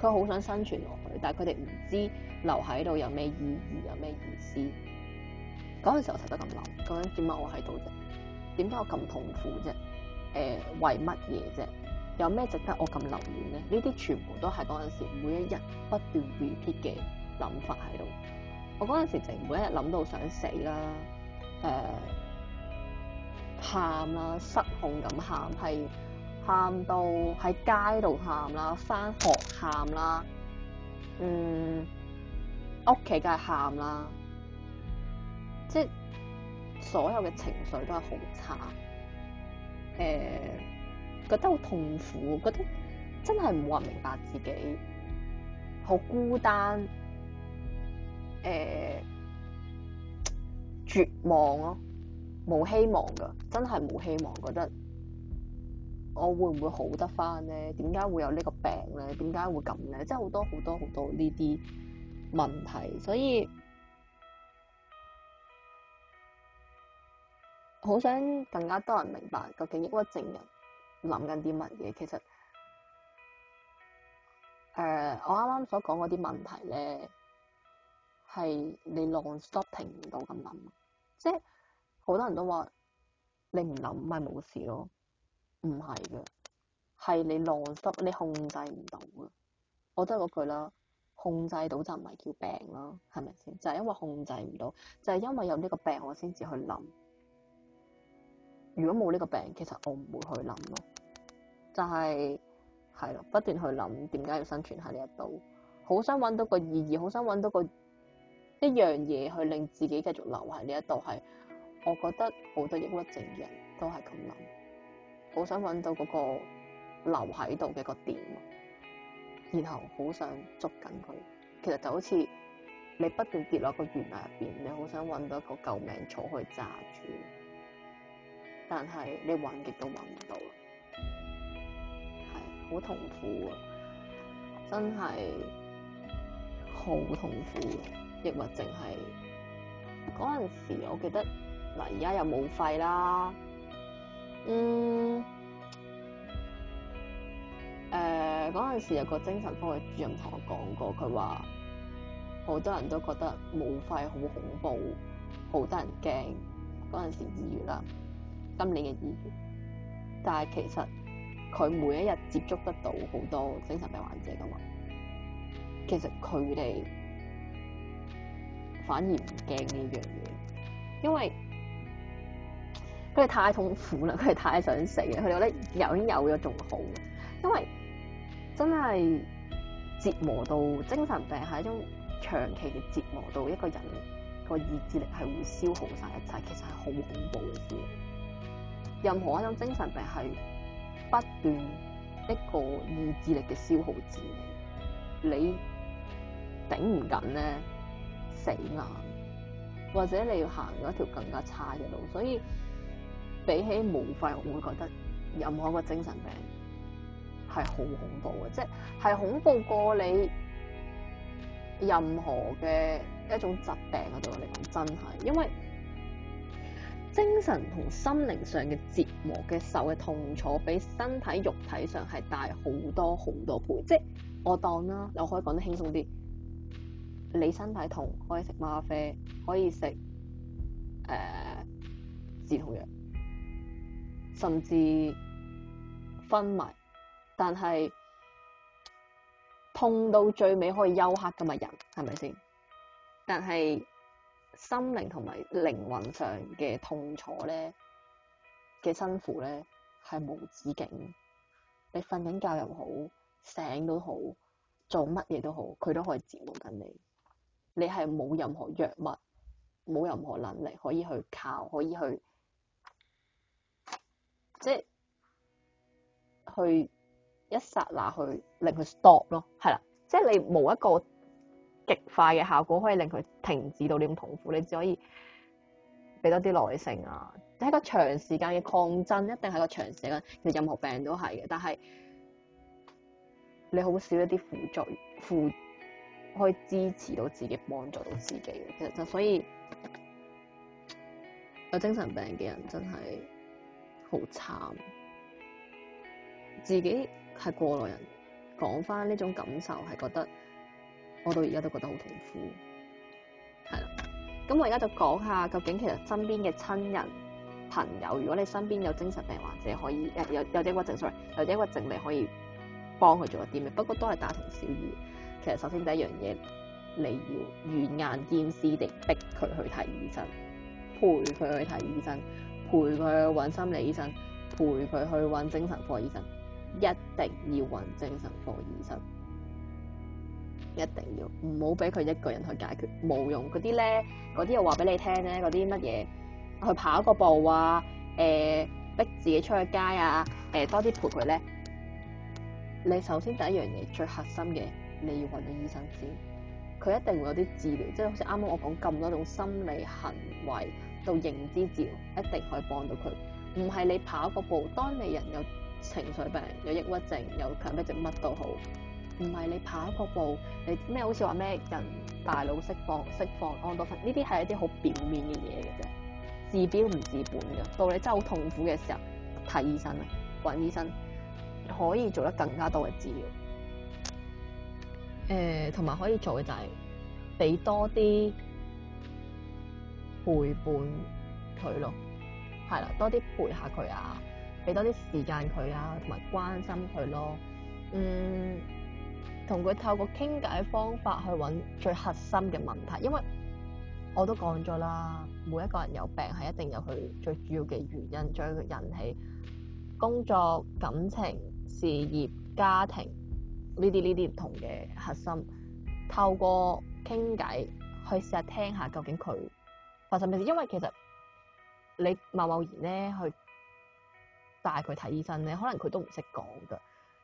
佢好想生存落去，但係佢哋唔知留喺度有咩意義，有咩意思。嗰陣時我睇得咁諗，究竟點解我喺度啫？點解我咁痛苦啫？誒、呃、為乜嘢啫？有咩值得我咁留戀咧？呢啲全部都係嗰陣時，每一日不斷 repeat 嘅諗法喺度。我嗰陣時，就每一日諗到想死啦，誒、呃，喊啦，失控咁喊，係喊到喺街度喊啦，翻學喊啦，嗯，屋企梗係喊啦。即係所有嘅情緒都係好差，誒，覺得好痛苦，覺得真係唔話明白自己，好孤單，誒，絕望咯，冇希望噶，真係冇希望，覺得我會唔會好得翻咧？點解會有呢個病咧？點解會咁咧？即係好多好多好多呢啲問題，所以。好想更加多人明白究竟抑鬱症人諗緊啲乜嘢。其實誒、呃，我啱啱所講嗰啲問題咧，係你 non-stop 停唔到咁諗。即係好多人都話你唔諗咪冇事咯，唔係嘅，係你 non-stop 你控制唔到嘅。我都係嗰句啦，控制到就唔係叫病咯，係咪先？就係、是、因為控制唔到，就係、是、因為有呢個病我，我先至去諗。如果冇呢個病，其實我唔會去諗咯。就係係咯，不斷去諗點解要生存喺呢一度，好想揾到個意義，好想揾到個一樣嘢去令自己繼續留喺呢一度。係我覺得好多抑鬱症嘅人都係咁諗，好想揾到嗰個留喺度嘅個點，然後好想捉緊佢。其實就好似你不斷跌落個懸崖入邊，你好想揾到一個救命草去揸住。但係你玩極都玩唔到，係好痛苦啊！真係好痛苦，抑鬱症係嗰陣時。我記得嗱，而家又冇肺啦。嗯，誒，嗰陣時有個精神科嘅主任同我講過，佢話好多人都覺得冇肺好恐怖，好得人驚。嗰陣時二月啦。今年嘅醫，但係其實佢每一日接觸得到好多精神病患者㗎嘛，其實佢哋反而唔驚呢樣嘢，因為佢哋太痛苦啦，佢哋太想死啦，佢哋覺得有有咗仲好，因為真係折磨到精神病係一種長期嘅折磨到一個人個意志力係會消耗晒一切，其實係好恐怖嘅事。任何一種精神病係不斷一個意志力嘅消耗自己，你頂唔緊咧，死硬，或者你要行咗一條更加差嘅路。所以比起無費，我會覺得任何一個精神病係好恐怖嘅，即係恐怖過你任何嘅一種疾病嗰度嚟講，真係，因為。精神同心靈上嘅折磨嘅，受嘅痛楚,比身體肉體上係大好多好多倍。即係我當啦,我可以講得輕鬆啲。你身體痛可以食嗎啡,可以食誒止痛藥,甚至昏迷。但係痛到最尾可以休克噶嘛人，係咪先？但係。心靈同埋靈魂上嘅痛楚咧，嘅辛苦咧係無止境。你瞓緊覺又好，醒都好，做乜嘢都好，佢都可以折磨緊你。你係冇任何藥物，冇任何能力可以去靠，可以去即係去一剎那去令佢 stop 咯。係啦，即係你冇一個。極快嘅效果可以令佢停止到呢種痛苦，你只可以俾多啲耐性啊！但係個長時間嘅抗爭，一定係個長時間嘅任何病都係嘅。但係你好少一啲輔助、輔可以支持到自己、幫助到自己嘅。其實就所以有精神病嘅人真係好慘，自己係過來人講返呢種感受係覺得。我到而家都覺得好痛苦，係啦。咁我而家就講下，究竟其實身邊嘅親人、朋友，如果你身邊有精神病患者，可以誒有有抑鬱症，sorry，有抑鬱症嚟，可以幫佢做一啲咩？不過都係大同小異。其實首先第一樣嘢你要軟硬兼施地逼佢去睇醫生，陪佢去睇醫生，陪佢去搵心理醫生，陪佢去搵精神科醫生，一定要搵精神科醫生。一定要唔好俾佢一個人去解決，冇用嗰啲咧，嗰啲又話俾你聽咧，嗰啲乜嘢去跑個步啊，誒、呃，逼自己出去街啊，誒、呃，多啲陪佢咧。你首先第一樣嘢最核心嘅，你要搵個醫生先，佢一定會有啲治療，即係好似啱啱我講咁多種心理行為到認知治療，一定可以幫到佢。唔係你跑個步，當你人有情緒病、有抑鬱症、有強迫症，乜都好。唔係你跑一個步，你咩好似話咩人大腦釋放釋放安多芬呢啲係一啲好表面嘅嘢嘅啫，治標唔治本嘅。到你真係好痛苦嘅時候，睇醫生啊，搵醫生可以做得更加多嘅治療。誒、呃，同埋可以做嘅就係、是、俾多啲陪伴佢咯，係啦，多啲陪下佢啊，俾多啲時間佢啊，同埋關心佢咯，嗯。同佢透過傾偈方法去揾最核心嘅問題，因為我都講咗啦，每一個人有病係一定有佢最主要嘅原因，再引起工作、感情、事業、家庭呢啲呢啲唔同嘅核心。透過傾偈去試下聽，聽下究竟佢發生咩事，因為其實你貿貿然咧去帶佢睇醫生咧，可能佢都唔識講㗎。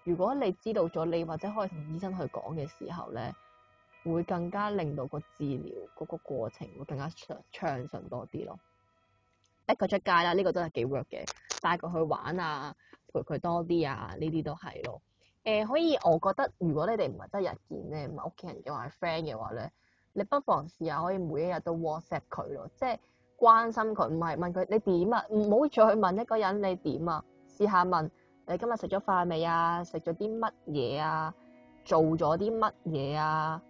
如果你知道咗，你或者可以同醫生去講嘅時候咧，會更加令到個治療嗰個過程會更加暢順多啲咯。一、欸、佢出街啦，呢、這個都係幾 work 嘅，帶佢去玩啊，陪佢多啲啊，呢啲都係咯。誒、呃，可以，我覺得如果你哋唔係真日見咧，唔係屋企人嘅話，係 friend 嘅話咧，你不妨試下可以每一日都 WhatsApp 佢咯，即係關心佢，唔係問佢你點啊，唔好再去問一個人你點啊，試下問。你今日食咗飯未啊？食咗啲乜嘢啊？做咗啲乜嘢啊？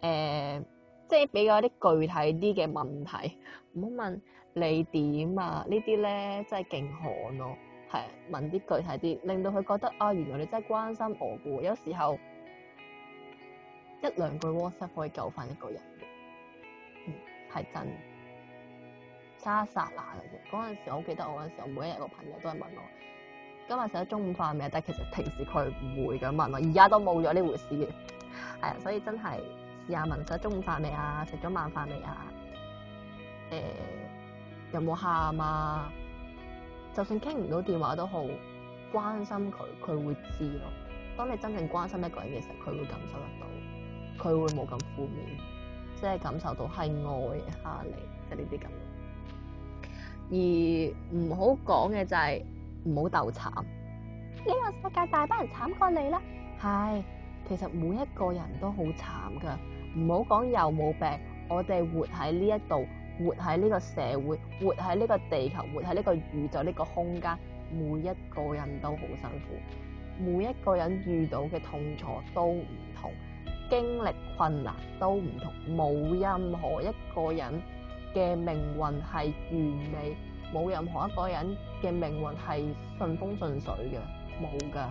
誒、呃，即係比較啲具體啲嘅問題，唔好問你點啊？這些呢啲咧真係勁寒咯，係問啲具體啲，令到佢覺得啊，原來你真係關心我嘅。有時候一兩句 WhatsApp 可以救翻一個人嘅，係、嗯、真。沙剎那嗰陣時候，我好記得我嗰陣時候，每我每一日個朋友都係問我。今日食咗中午飯未？但係其實平時佢唔會咁問我，而家都冇咗呢回事嘅。係啊，所以真係試下問，食咗中午飯未啊？食咗晚飯未啊？誒、呃，有冇喊啊？就算傾唔到電話都好，關心佢，佢會知咯。當你真正關心一個人嘅時候，佢會感受得到，佢會冇咁負面，即、就、係、是、感受到係愛吓你，係呢啲咁。而唔好講嘅就係、是。唔好鬥慘，呢個世界大把人慘過你啦。係，其實每一個人都好慘噶，唔好講有冇病。我哋活喺呢一度，活喺呢個社會，活喺呢個地球，活喺呢個宇宙呢個空間，每一個人都好辛苦，每一個人遇到嘅痛楚都唔同，經歷困難都唔同，冇任何一個人嘅命運係完美。冇任何一個人嘅命運係順風順水嘅，冇噶，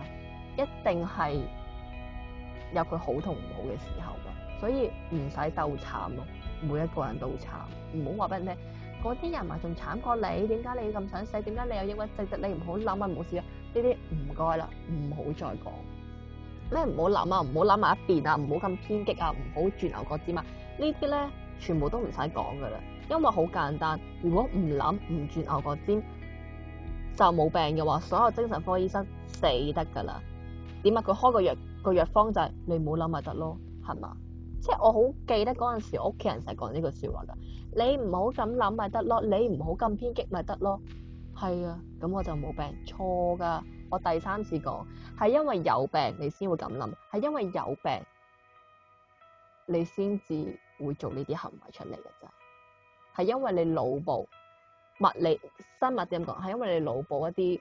一定係有佢好同唔好嘅時候噶，所以唔使鬥慘咯，每一個人都會慘，唔好話畀你聽，嗰啲人咪仲慘過你，點解你咁想死？點解你有抑鬱症啫？得你唔好諗啊，冇事啊，呢啲唔該啦，唔好再講，咩唔好諗啊，唔好諗埋一邊啊，唔好咁偏激啊，唔好轉牛角尖啊，這些呢啲咧全部都唔使講噶啦。因為好簡單，如果唔諗唔轉牛角尖就冇病嘅話，所有精神科醫生死得噶啦。點解佢開個藥個藥方就係、是、你唔好諗咪得咯，係嘛？即係我好記得嗰陣時，屋企人成日講呢句說話噶。你唔好咁諗咪得咯，你唔好咁偏激咪得咯。係啊，咁我就冇病。錯噶，我第三次講，係因為有病你先會咁諗，係因為有病你先至會做呢啲行為出嚟嘅咋。係因為你腦部物理、生物點講？係因為你腦部一啲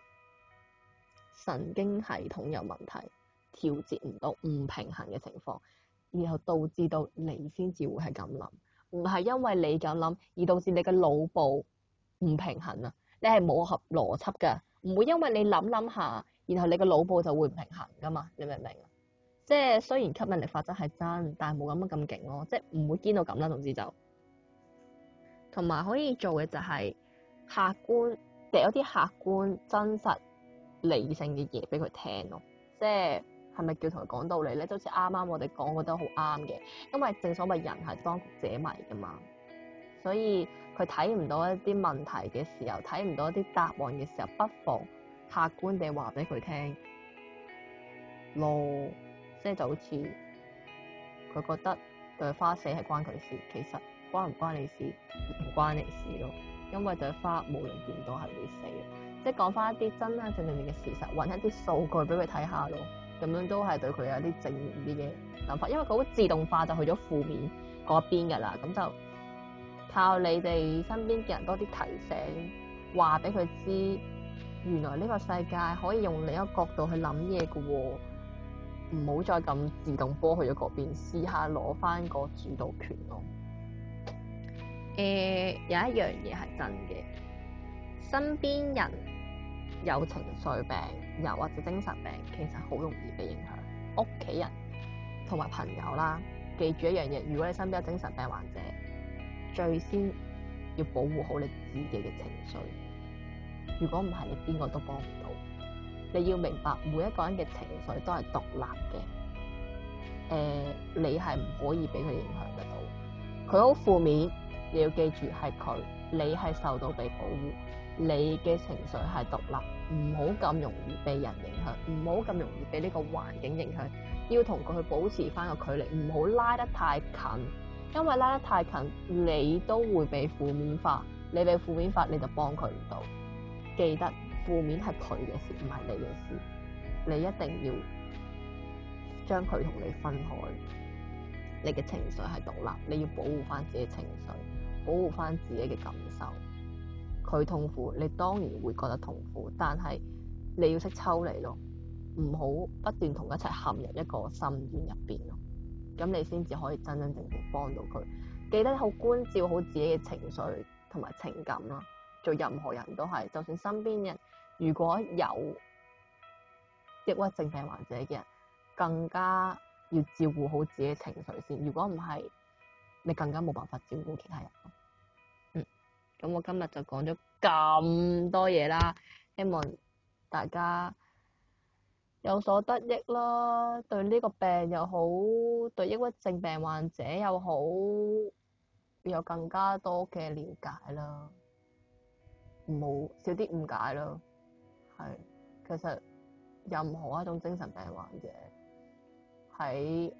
神經系統有問題，調節唔到唔平衡嘅情況，然後導致到你先至會係咁諗，唔係因為你咁諗而導致你嘅腦部唔平衡啊！你係冇合邏輯㗎，唔會因為你諗諗下，然後你嘅腦部就會唔平衡噶嘛？你明唔明啊？即係雖然吸引力法則係真，但係冇咁樣咁勁咯，即係唔會堅到咁啦，總之就。同埋可以做嘅就係、是、客觀，掉一啲客觀、真實、理性嘅嘢俾佢聽咯。即係係咪叫同佢講道理咧？就好似啱啱我哋講，我覺得好啱嘅，因為正所謂人係當局者迷噶嘛，所以佢睇唔到一啲問題嘅時候，睇唔到一啲答案嘅時候，不妨客觀地話俾佢聽。咯即係就好似佢覺得佢花死係關佢事，其實。關唔關你事？唔關你事咯，因為就係花無論點都係會死嘅。即係講翻一啲真真正正面嘅事實，搵一啲數據俾佢睇下咯。咁樣都係對佢有啲正面啲嘅諗法。因為佢好自動化就去咗負面嗰邊噶啦，咁就靠你哋身邊嘅人多啲提醒，話俾佢知，原來呢個世界可以用另一個角度去諗嘢噶。唔好再咁自動波去咗嗰邊，試下攞翻個主導權咯。誒有一樣嘢係真嘅，身邊人有情緒病，又或者精神病，其實好容易被影響。屋企人同埋朋友啦，記住一樣嘢，如果你身邊有精神病患者，最先要保護好你自己嘅情緒。如果唔係，你邊個都幫唔到。你要明白，每一個人嘅情緒都係獨立嘅。誒，你係唔可以俾佢影響得到，佢好負面。你要記住，係佢，你係受到被保護，你嘅情緒係獨立，唔好咁容易被人影響，唔好咁容易被呢個環境影響，要同佢去保持翻個距離，唔好拉得太近，因為拉得太近，你都會被負面化，你被負面化，你就幫佢唔到。記得負面係佢嘅事，唔係你嘅事，你一定要將佢同你分開，你嘅情緒係獨立，你要保護翻自己嘅情緒。保護翻自己嘅感受，佢痛苦，你當然會覺得痛苦，但係你要識抽離咯，唔好不斷同一齊陷入一個深淵入邊咯，咁你先至可以真真正正幫到佢。記得好關照好自己嘅情緒同埋情感啦，做任何人都係，就算身邊人如果有抑鬱症病患者嘅人，更加要照顧好自己嘅情緒先。如果唔係，你更加冇辦法照顧其他人。咁我今日就講咗咁多嘢啦，希望大家有所得益啦，對呢個病又好，對抑鬱症病患者又好，有更加多嘅了解啦，唔好少啲誤解咯。係，其實任何一種精神病患者喺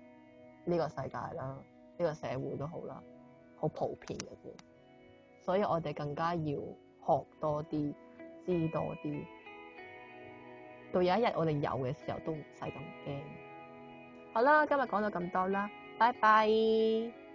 呢個世界啦，呢個社會都好啦，好普遍嘅。所以我哋更加要學多啲，知多啲，到有一日我哋有嘅時候都唔使咁驚。好啦，今日講到咁多啦，拜拜。